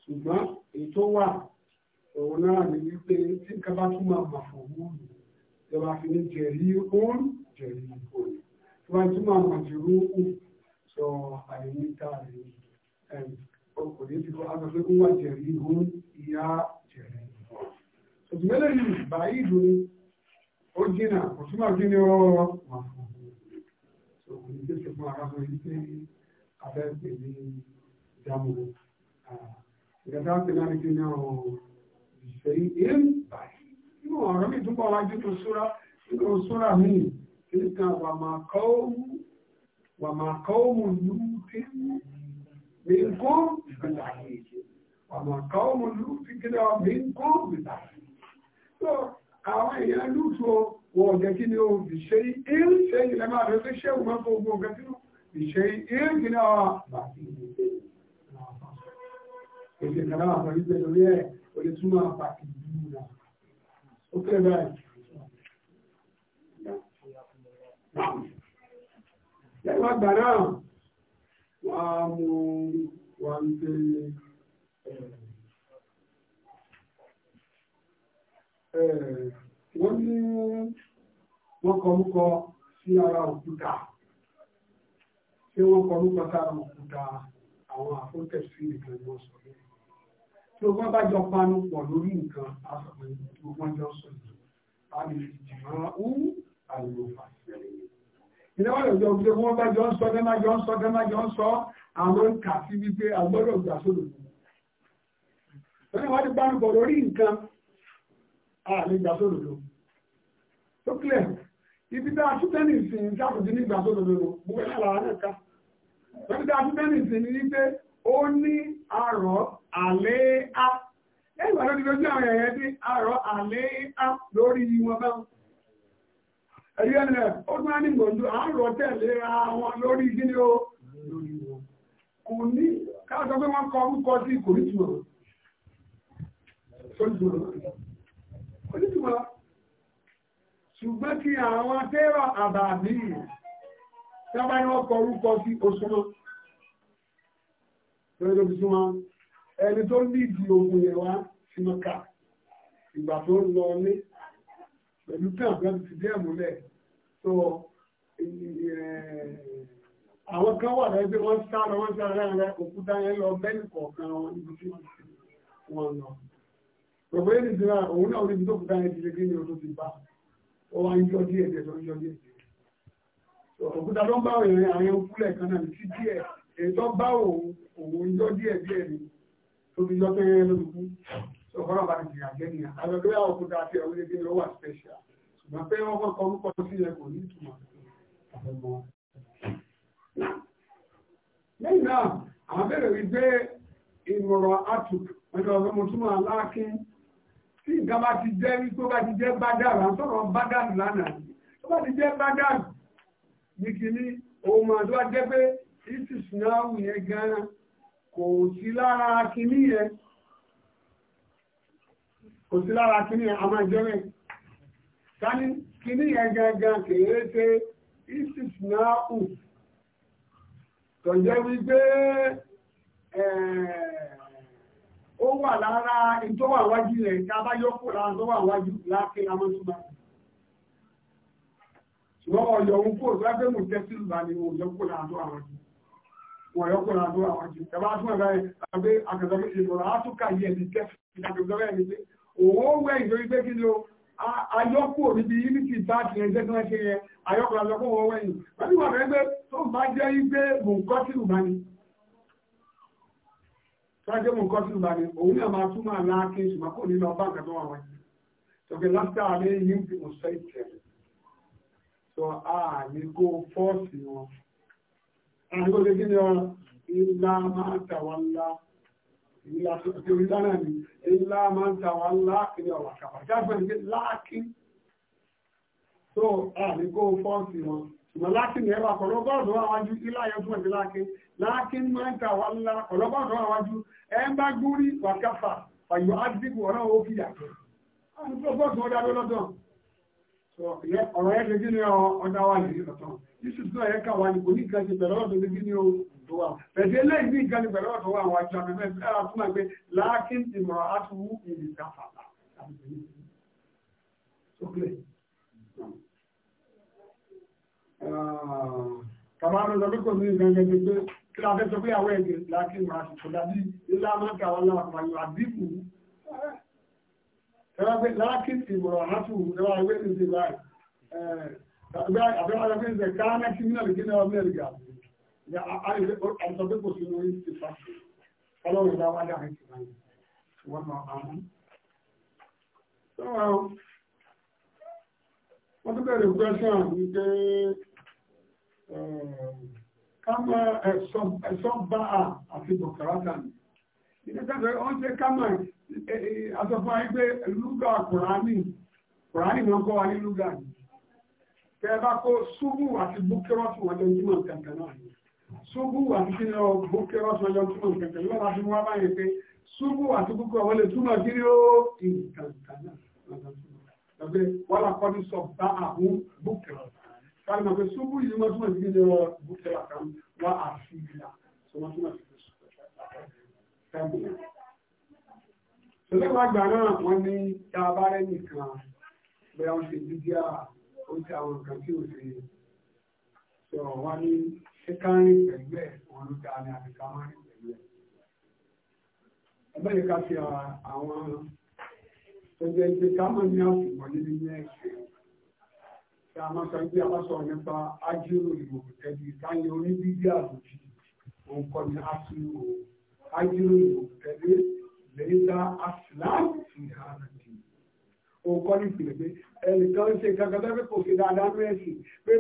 ṣùgbọ́n ètò wà òun náà ni wípé tí nǹkan bá tún máa mà fún wúlù ìjọba fi ní jẹ̀rí òun jẹ̀rí òun tí wọ́n tún máa mà jù rú òun sọ àìníta rẹ̀ ẹ̀rù kò ní ti kọ́ agbẹ́fẹ́ kó wà jẹ̀rí ìhún ìyá jẹ̀rí. òtùmẹ́lẹ̀ yìí báyìí dùn ní ó jìnà kò túmọ̀ kí ni ó wà fún un. sọ kò ní tẹ̀sẹ̀ fún ara fún yìí pé abẹ́ pè ní ìdámọ̀ ìgbàdá ń منكم bìtàhìn ọmọ kan ọmọ lùtù kíni ọ minkum bìtàhìn so àwọn èèyàn lùtù wọn ọ̀jẹ̀ kí ni o ìṣe ìl ṣe ìlẹ̀ máa rẹ̀ fi ṣé òun mọ́tò ogun ọ̀gá sínú ìṣe ìl kí ni ọ bàtì èdè kan náà àpọ̀ nígbẹ̀ lórí ẹ̀ ìlú mu wá ń pé wọ́n ní wọ́n kọrúkọ sí ara òkúta tí wọ́n kọrúkọ sára òkúta àwọn àfóńtẹ̀sí nìkan ni wọ́n sọ lórí tí o bá bá jọ panu pọ̀ lórí nǹkan asọ̀pọ̀ ìgbìmọ̀ jọ sọ̀rọ̀ a lè fi jìmọ̀ ń àlòfà sílẹ̀ ìlẹ́wọ̀n ìjọ òjò wọn bá jọ ń sọ dẹ́mà jọ ń sọ dẹ́mà jọ ń sọ àwọn ń kà sí wípé agbọ́dọ̀ gbà sódò lórí wọ́n ti gbárùkọ̀ lórí nǹkan ààrẹ gbà sódò lọ tó clear ibi tá a tún tẹ́nì sí ní sáàkùnjì ní ìgbà sódò lọ gbogbo ẹ̀ lára rẹ̀ ká lórí tá a tún tẹ́nì sí ní wípé ó ní àrọ̀ àlẹ́ á ẹgbàá lórí lójú àwọn ẹ̀yẹ́ ní àrọ̀ àlẹ́ á lórí wọn báwọn ẹ̀rí ẹ̀rẹ̀ ó tún á ní gbòǹdó à ń rọ tẹ̀lé ra wọn lórí gíní o kò ní káàtọ́ pé wọ́n kọ orúkọ sí kò ní túmọ̀ tó dùn kò ní túmọ̀ ṣùgbọ́n kí àwọn tẹ́rọ àbàmì sábà ní wọ́n kọ orúkọ sí oṣùmọ́ lórí fi súnmọ́ ẹni tó ní ogun yẹn wá sí ìgbà tó lọ ní pẹ̀lú tí àwọn ti dé ẹ̀múlẹ̀ tó eh, àwọn kan wà láyé pé wọ́n sá lọ wọ́n sá láàrin òkúta yẹn lọ mẹ́rin kọ̀ọ̀kan wọn níbi tí wọ́n lọ. Bàbá yẹn nìjọba òun náà níbi tó kúta yẹn ti lé kí ni o tó ti bá ọ wá ń yọ díẹ̀ díẹ̀ tó ń yọ díẹ̀ díẹ̀. Òkúta tó ń bá òun yẹn àyẹ̀wò kúlẹ̀ kan náà ní sí díẹ̀ èyí tó bá òun òun yọ díẹ̀ díẹ̀ ni tó fi yọ tó kọ́ náà bá ti àjẹ́ nìyà alọ́lọ́yà ọkùnrin àti ẹ̀wọ́n lé dé lọ́wọ́ àspẹ́ṣà ṣùgbọ́n pé wọ́n kọ́ orúkọ sí ẹ kò ní ìtumọ̀ àfẹ́mọ́. lẹ́yìn náà àwọn abẹ́rẹ́ rí gbé ìmọ̀ràn atuk ọjọ́ ọ̀rọ̀ mo túmọ̀ aláàkín tí nǹkan bá ti jẹ́ wípé bá ti jẹ́ bádàrú à ń sọ̀rọ̀ bádàrú lánàá tó bá ti jẹ́ bádàrú ní kìíní ohun àti wá jẹ́ pé ìsìsì náà wù yẹn gan-an kò sí lára kìíní yẹn kò sí lára kí ní àmà ìjọ́rẹ̀ sáni kí ní ẹgangan kèé ṣe isis náà hù tọ̀jẹ́ wípé ó wà lára ìtọ́wà wájú rẹ̀ tí a bá yọ́kù lára tó wà wájú láti amọ́túnmá ṣùgbọ́n ọ̀yọ̀ òun kò rẹ́gbẹ́ mú tẹ́sí ìgbà ni wọ́n yọ́kù lára tó àwọn jù wọ́n yọ́kù lára tó àwọn jù tẹ́bá o. ó wẹ̀ ìtorí pé kí ni o ayọ́kù níbi unity báàkì yẹn jẹ́ tí wọ́n ṣe yẹn ayọ́kù ayọ́kù wọn wẹ̀yìn wọ́n ti wà fẹ́ pé tó bá jẹ́ wípé mọ̀nkọ́sìlù bá ní sáájẹ́ mọ̀nkọ́sìlù bá ní òun náà máa túmọ̀ aláàkè ṣùgbọ́n kò ọba nǹkan tó wà lásìkò yìí ti a kó fọ́ọ̀sì wọn kí ni ọ máa ìlà tó ti orí dáná ni ilá máa ń ta wá láàkiri ọ̀rọ̀ àkàbà jágbẹ́ ní láàkí tó àní kó fọ́ọ̀sì wọn ṣùgbọ́n láàkí ni ẹwà kọ̀lọ́gọ́ọ̀dọ̀ àwájú ilá yẹn fún ẹ̀dí láàkí láàkí máa ń ta wá ńlá kọ̀lọ́gọ́ọ̀dọ̀ àwájú ẹ ń bá gúrí wàkàfà pàyọ ádìbò ọ̀rọ̀ ó fi yàtọ̀ ọ̀rọ̀ ẹ̀ ìṣùsùn ẹ̀yẹ kan wà ní kò ní nǹkan ṣe pẹ̀lú ọ̀dọ̀ ní gíní tó wà pẹ̀sẹ̀ eléyìí ní nǹkan ṣe pẹ̀lú ọ̀dọ̀ wà àwọn àjọ àmì ẹ̀rọ fún àgbẹ̀ láàkín ìmọ̀ àtúwú ìrìnsà fàlà Bàbá mi lọ pé kò ní nǹkan ṣe pé kí la fẹ́ sọ pé àwọn ẹ̀gbẹ̀ láàkín ìmọ̀ àtúwú dàbí ilá máa ń ta àwọn aláwọ̀ àyọ̀ àdínkù. Láàkín ìmọ̀ àtúwú àbẹ́wọ́n ẹgbẹ́ ìṣẹ̀ káánà kí nínú ìdílé ọmọ ẹ̀rìgà àìsọ̀gbẹ́kọ̀ sí orí ti fa ọlọ́run bá wá dáhùn sí báyìí wọ́n máa bá mú. wọ́n tún bẹ̀rẹ̀ gbẹ́sàn ní pé ká mọ ẹ̀sọ́ bá a àti dọ̀kàrátà ní. ilé tẹ́tẹ́ wọ́n ṣe ká mọ àsọfún ayé pé lúgà kùránì kùránì máa ń kọ́ wa ní lúgà yìí tẹ́ẹ̀bá kó ṣubú àti búkẹ́rọ́tù wọ́n jọ jímọ̀ kankan náà ni ṣubú àti kí ni ọ búkẹ́rọ́tù wọ́n jọ jímọ̀ kankan náà láti wá báyìí pé ṣubú àti búkẹ́rọ́tù wọ́n lè túmọ̀ kí ni ó ìkankan náà lọ́gbẹ́ wọ́n là kọ́ ní sọ bá àwọn búkẹ́rọ́tù káàlì mọ̀ pé ṣubú yìí wọ́n túmọ̀ sí kí ni ọ búkẹ́rọ́tù àfi ìlà ṣọwọ́n wọ́n ní tá a bá rẹ́ nìkan bẹ́ẹ̀ wọ́n ṣe ó ti àwọn nǹkan tí ò ṣe sọ̀rọ̀ wá ní ṣẹ́kárìn pẹ̀lú ẹ̀ wọn ló dáa ní àbíká máa rìn pẹ̀lú ẹ̀. ẹgbẹ́ yìí ká fi àwọn tó jẹ́ pé ká máa ní àsìkò nínú ilé ẹ̀sìn tí a máa sọ pé a bá sọ̀rọ̀ nípa ájírò ìwò ẹ̀bí ìtayẹ orí bíbí àbòjì òun kọ́ ni ájírò ájírò ìwò ẹ̀bí lẹ́yìn tá a sì láàbù fi hàn o kọ́ ní ìpìlẹ̀ pé ẹnìkan ń ṣe nǹkan kan tó fẹ́ kò ṣe dáadáa ní ẹ̀sìn pé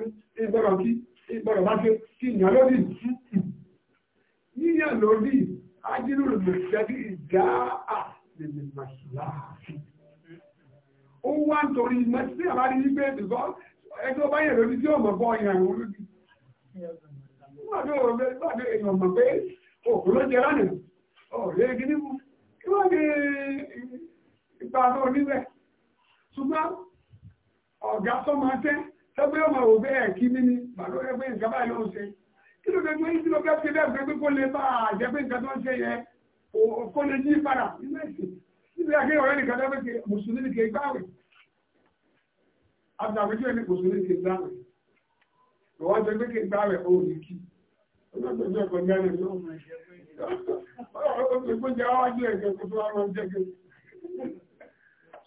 ìgbọ́dọ̀ kí ìgbọ́dọ̀ bá ṣe kí ìyàn lódì yíyàn lódì ájírò lòdì ìjà àtìlẹ̀ màṣíláàfì ó wá nítorí mẹ́sí àbárí wípé ẹ̀dùkọ́ ẹgbẹ́ bá yẹ̀ lódì tí ó mọ̀ bọ́ ìyàn ìwọ̀n lódì gbàdé èèyàn mọ̀ pé òkú ló jẹ lánàá ọ̀rẹ́ gidi mú kí wọ́n dé ipa tó níbẹ̀ ṣùgbọ́n ọ̀gá tó máa tẹ́ tẹ́gbẹ́ ọmọ òwò bẹ́ẹ̀ kí ní ní pàdó ẹgbẹ́ nǹkan báyìí ló ń ṣe kí ló gbẹgbẹ́ yìí ló gbẹgbẹ́ bẹ́ẹ̀ gbẹgbẹ́ kó lè bá àjẹgbẹ́ nǹkan tó ń ṣe yẹ kó lè yí padà nínú ẹ̀sìn níbi àkéyàn ọ̀rẹ́ nìkan dábẹ́ kí mùsùlùmí kì í gbáwẹ̀ àtàwéjú ẹni mùsùlùmí kì í gbáwẹ̀ lọ́wọ́ tó gbé kì í gbáwẹ̀ ó ní kí olóògbé ọkọ̀ ní ẹni lọ́wọ́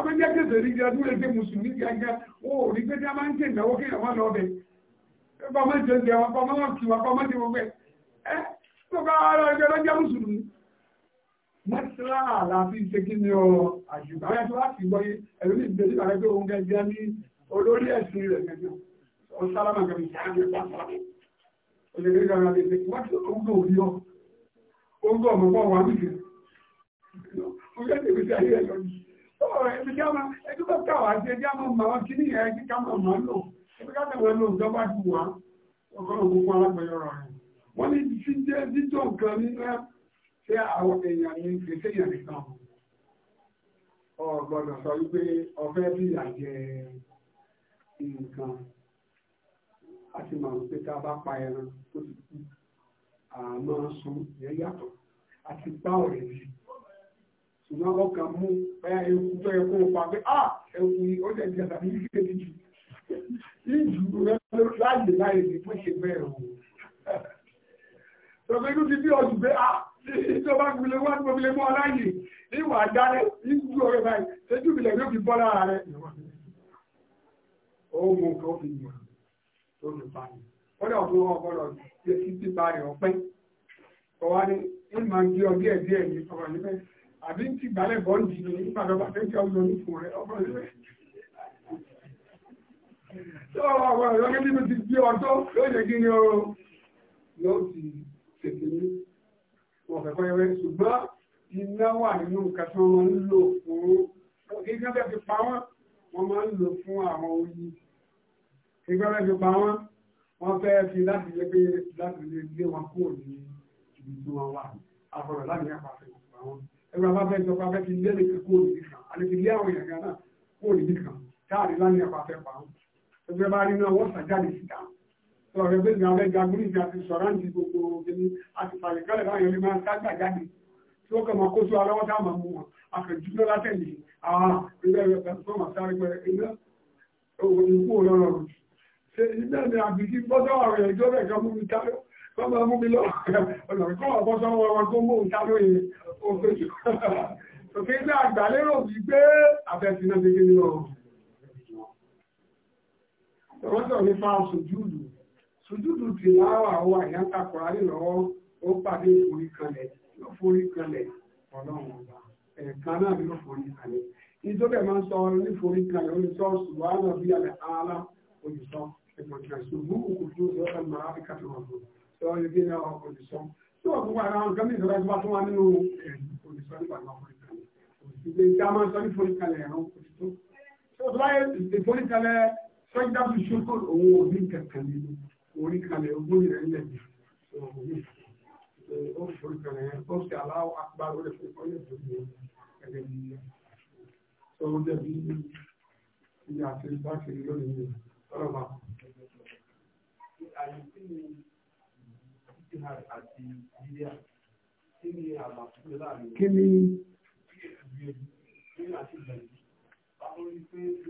àwọn jẹ́ kẹsẹ̀ rí jẹ́ tó lè jẹ́ mùsùlùmí gẹ́gẹ́ ó rí pé dáa máa ń jẹ́ ìnáwó kí ìyàwó lọ bẹ̀ bọ́mọ́ jẹ́ ń jẹun bọ́mọ́ wọn kì wọn bọ́mọ́ jẹ́ gbogbo ẹ̀ tó bá ara ẹgbẹ́ lọ jẹ́ mùsùlùmí. mọ́tíra àlàáfi ṣe kí ni ọ àjùbá rẹ tó láti gbọ́ yé ẹ̀rọ ní ìgbésí rẹ pé òun gẹ́gẹ́ ní olórí ẹ̀sìn rẹ̀ gẹ́gẹ́ ọ sálámà kẹ́mi sáà ẹbí ká máa ẹbí tó ká wá sí ẹbí á máa mọ àwọn kíní yẹn ẹbí ká máa mọ lò ẹbí ká tẹ̀wé lò ìjọba ti wà ọgọ́rùn gbogbo alágbèyọ rẹ̀ wọ́n ní ti jẹ́ jíjọ nǹkan nígbà tí àwọn èèyàn ní gbèsè yẹn nìkan ọ gbọ́dọ̀ sọ wípé ọ̀fẹ́ bí àjẹ nǹkan a ti mọ̀ pé tá bá pa ẹran tó ti kú àmọ́ sun yẹn yàtọ̀ àti gbá ọ̀rẹ́ yìí ṣùgbọ́n ọkà mú ẹkù tó ẹkù pa pé à ah, ẹkù ó jẹ́ ìjẹta ní ìgbé ní jù ìjù rẹ láàyè láàyè ní fún ṣe bẹ́ẹ̀ o tọ́pẹ́ inú ti bí ọdún pé à ah, tó bá gbìlẹ̀ wá ní gbìlẹ̀ mọ́ aláyè ìwà àdáre ìjù ọ̀rẹ́ báyìí tẹ́jú ìbílẹ̀ yóò fi bọ́ lára rẹ̀ ó mú nǹkan ó fi mọ̀ tó fi pa ni ó dẹ̀ ọ̀tún wọn ọ̀pọ̀lọ̀ ṣe sí pípa rẹ̀ ọ̀pẹ́ ọ̀wá ni ó ń gbé ọ díẹ̀ díẹ̀ ní ọ̀rọ̀ àbí ti gbálẹ̀ bọ́ǹdì ní ìpàdọ́gbà tó jẹ́ ọmọ onífò rẹ̀ ọmọ rẹ̀ tó ọmọ rẹ̀ lọ́gẹ́ nínú ti gbé ọjọ́ ló jẹ́ kí ni ọrọ̀ ló ti tètè ní wọn fẹ́ fẹ́rẹ́ ṣùgbọ́n iná wà nínú nǹkan tí wọ́n ń lò fún kíkẹ́ bẹ́ẹ̀ fi pa wọ́n wọ́n máa ń lò fún àwọn oyin kíkẹ́ bẹ́ẹ̀ fi pa wọ́n wọ́n fẹ́ fi láti lé pé láti lè gbé wọn kúrò ní ibi tí láti yẹn pàṣẹ àwọn ẹ̀rọ abáfẹ́ sọ pé abẹ́ ti lé lè kó òdì kan àti ti lé àwọn èèyàn gan náà kó òdì kan táàrí lánìí ẹ̀kọ́ afẹ́ pa wọn. ẹgbẹ́ bá rí náà wọ́n sàjáde síta sọ̀rọ̀ ẹgbẹ́ ìgbà abẹ́ jagun ìgbà àti sọ̀ráǹdì gbogbo obìnrin àti fàlẹ́kálẹ̀ báyọ̀ lè máa ságbà jáde tí ó kàn máa kó sí wa lọ́wọ́ táwọn mú wọn àfẹ̀júlọ́ látẹ̀lé àwọn ìgbà ìgbà tó máa sáré pẹ́ iná òkú òlọ́rọ̀ rẹ̀ ṣe ìgbà mi àbíkí bọ́dọ̀ ọ̀rẹ́ tó máa mú mi lọ ọ̀nà kọ́ ọ̀bọ́ sọ́wọ́ wọn tó mú ìta lóye òkèjì òkè ní àgbàlérò bí gbé àfẹ́sí náà gẹ́gẹ́ ní ọ̀rọ̀ ọ̀rọ̀ sọ̀rọ̀ nípa sùjúdù sùjúdù ti láwà wà ìyáta kọ̀rálì lọ́wọ́ ó pàdé ìforí kanlẹ̀ ló forí kanlẹ̀ ọlọ́run ọba ẹ̀ẹ̀kan náà ló forí kanlẹ̀ nítorí ẹ̀ máa ń sọ níforí kanlẹ̀ ó lè sọ ṣùgbọ́n àlọ́ bí alẹ́ ààlà olùsọ ẹ̀kọ̀kẹ̀ ṣùgbọ́n òkùnkùn ló sọ lọ́wọ́ ní kí ní àwọn kòlìsàn tí wọ́n fún wàhálà àwọn gómìnà ìjọba ìjọba tó wà nínú kòlìsàn nípa àwọn kòlìsàn ìgbé dáma sọ ní foríkalẹ̀ ẹ̀rọ òtítọ́ tí wọ́n tó láyé ìforíkalẹ̀ sọ́jà tó ṣokò òun ò ní kankan nínú oríkalẹ̀ ogún rẹ̀ ńlẹ̀ jù ó foríkalẹ̀ ó sì aláwọ̀ apá rẹ̀ fún ọyọ̀ tó yẹ ẹ̀rẹ̀ yìí tó ń dẹ̀bi ìyá àti kí ni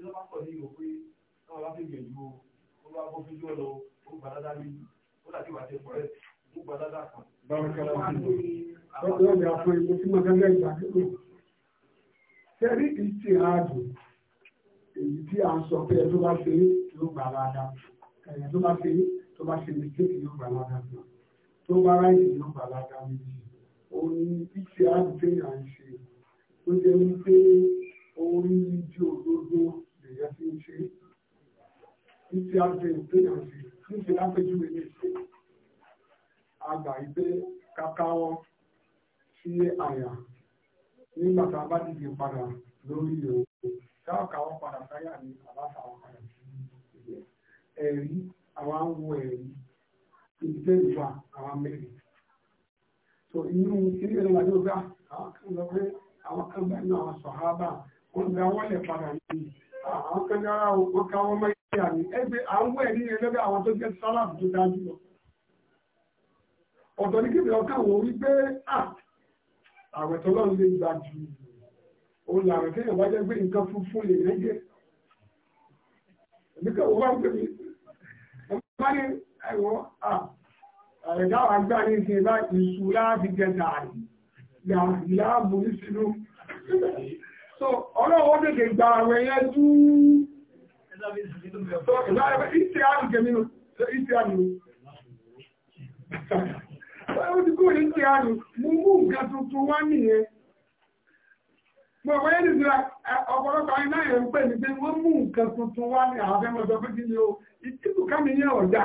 Lọ́pọ̀ ọ̀dẹ̀ àpò ìlú tí máa gẹ́gẹ́ ìgbà kíkò. Tẹ́rí ìtì ààdù èyí tí a ń sọ pé ẹ tó bá ṣe ló gbà ládàá. Ẹ̀yẹ tó bá ṣe tó bá ṣe mistake ló gbà ládàá tó bá ráyè ní bàlágà méjì òun ni iṣẹ́ àgbéyà ń ṣe tó jẹ́ wípé orí ijó òdodo lèyà ti ń ṣe iṣẹ́ àgbéyà ń ṣe níṣẹ́ lápẹjúwe ní ṣe àgbà ìgbé kákáwọ́ sí àyà nígbà tá a bá dìde padà lórí òun káàkàwọ́ padà sáyà ní àbáfà padà sí ẹ̀rí àwọn àwọn ẹ̀rí ìdílé ìfà àwọn mẹ́rin so inú ilé ìrìn àjò àwọn kan lọ pé àwọn kan bá inú àwọn sọ̀hábà wọ́n gba wọ́n lè padà ní àwọn kan dára ah, wọ́n ká wọ́n máa yà ní ẹgbẹ́ àwọn ẹ̀rí rẹ̀ lọ́gbẹ́ àwọn tó jẹ́ sálàbù tó dájú lọ ọ̀dọ́ ní kébìrì ọkàn wò wí pé ah, àwẹ̀ tó lọ́n lè gbà jù ó funfun lè ẹ̀mí ẹwọ́ àrẹ̀dáwà gbà ní ṣe bá ìṣù láti gẹta ìyàbò ìṣìlú so ọlọ́wọ́ tètè gba àwẹ̀ yẹn tú ìṣẹ́ àrùn Ó ti kúrò ní ti àrùn, mú mú nǹkan tuntun wá nìyẹn. Mo wọ́n yẹ́ nìsíra ọ̀pọ̀lọpọ̀ ayé náà yẹ̀ ń pè ní pé wọ́n mú nǹkan tuntun wá ní àwọn afẹ́mọ́sọ pé kí ni o ìtìkù ká mi ní ọ̀dá.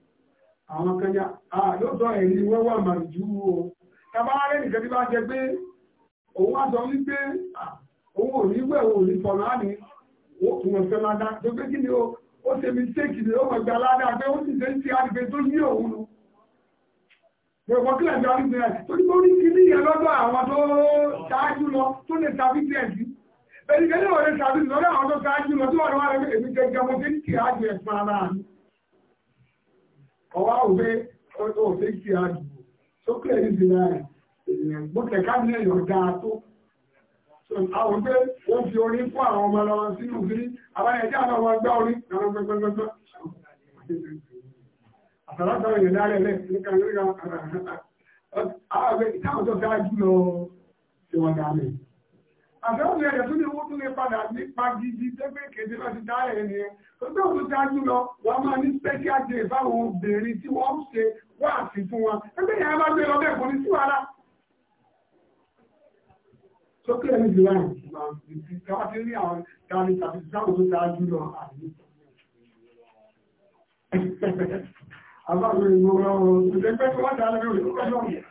àwọn kẹjá àlóòtọ́ ẹ̀rí wẹ́wà màrìjú o tàbáwárẹ́ nìkan tí bá jẹ pé òun wá sọ wípé òun ò ní wẹ̀ òun ní fọ̀nà á ní òun ọ̀fẹ́ ládá tó pé kí ni o ó ṣe mi séèkì ní ọmọ ìgbà ládá pé ó sì ṣe ń ṣe àgbẹ̀ tó ní òun nu pẹ̀lú kílẹ̀ ìjọ àrígbé ẹ̀ tó ní orí kí ní ìyẹn lọ́dọ̀ àwọn tó ṣáájú lọ tó lè tàbí sí ẹ̀sí ẹ̀rí kẹ́lẹ́ òun lè tàbí lọ́dọ̀ àwọn tó rẹ̀ èmi gẹ́gẹ́ mo ti ń kì á jẹ ẹ̀sán ọwá òwe ọjọ́ òwe ti àdùgbò sókè níbi rẹ̀ ènìyàn gbọ́kẹ̀ káàdì èèyàn dáa tó àwọn pé ó fi orin fún àwọn ọmọ ọmọ sínú kiri àbáyẹjẹ́ àwọn ọmọ gbá orin àwọn gbẹgbẹgbẹgbẹ àtàlátà èèyàn dáa lẹ́lẹ́ nípa nípa àwọn ọjọ́ tí a jù lọ sí wọn dáa mẹ́rin àtẹ́wọ̀n ẹ̀yẹ̀ tó ní owó tó lè padà nípa gidi tẹ́gbẹ́ kéde lọ ti dáa ẹni ẹ tó tó tó dájú lọ wọ́n máa ní special day báwọn obìnrin tí wọ́n ń ṣe wá àti fún wọn ẹgbẹ́ yẹn bá gbé lọ bẹ́ẹ̀ kò ní sí wàhálà. sókè ẹni jù láì káwá ti rí àwọn tani tàbí sáwọn tó dájú lọ àbí. àbáwọ̀ ìmọ̀ràn ọ̀rọ̀ ìgbẹ́gbẹ́ tó wá dáa lọ́wọ́ ìgbẹ́gbẹ́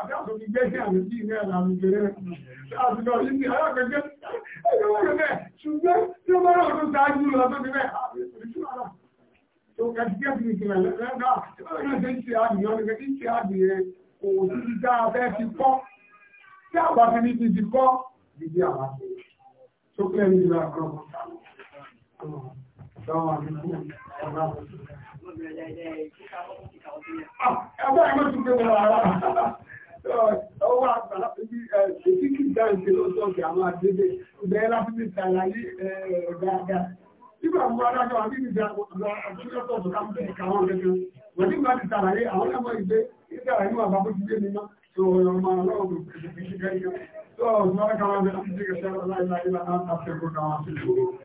àbíàtò ti gbẹ́jẹ́ àwọn ìdí ilẹ̀ àwọn ìgbèrè àtìlọ ìdí alákẹ́gbẹ́ ẹgbẹ́ bẹ́ẹ̀ ṣùgbọ́n tí ó mọ́rọ̀ tó sáájú lọ tó ti bẹ́ẹ̀ tó kàtíkẹ́ fi ìkìlẹ̀ lẹ́gbà tí ó rẹ̀ ṣe ń ṣe àmì ọ̀nà kí ń ṣe àmì ẹ̀ kò sí dá abẹ́ ti kọ́ tí àbá fi ní ti ti kọ́ ìdí àbá tó kẹ́ ní ìlà kan Ẹgbẹ́ ẹgbẹ́ tún pé wọ́n ara ọwọ́ àgbà ibi ṣètìkì dáǹtì ló sọ̀kì àwọn àdébẹ̀ bẹ́ẹ̀ láfíìsì ṣàlàyé dáadáa. Nígbà mú adájọ́ àbí ìjà àtúnyọ́tọ̀ tó káwọn bẹ̀rẹ̀ káwọn kẹ́kẹ́. Wọ́n nígbà ti ṣàlàyé àwọn ọmọ ìgbé ìṣàlàyé wọn bàbá tó gbé nínú tó ọ̀rọ̀ ọmọ ọlọ́run kò kẹ́kẹ́ kẹ́kẹ́. Tó ọ̀rọ̀ ọmọ ọlọ́run kàwọn bẹ̀rẹ̀ láti ṣe kẹ́kẹ́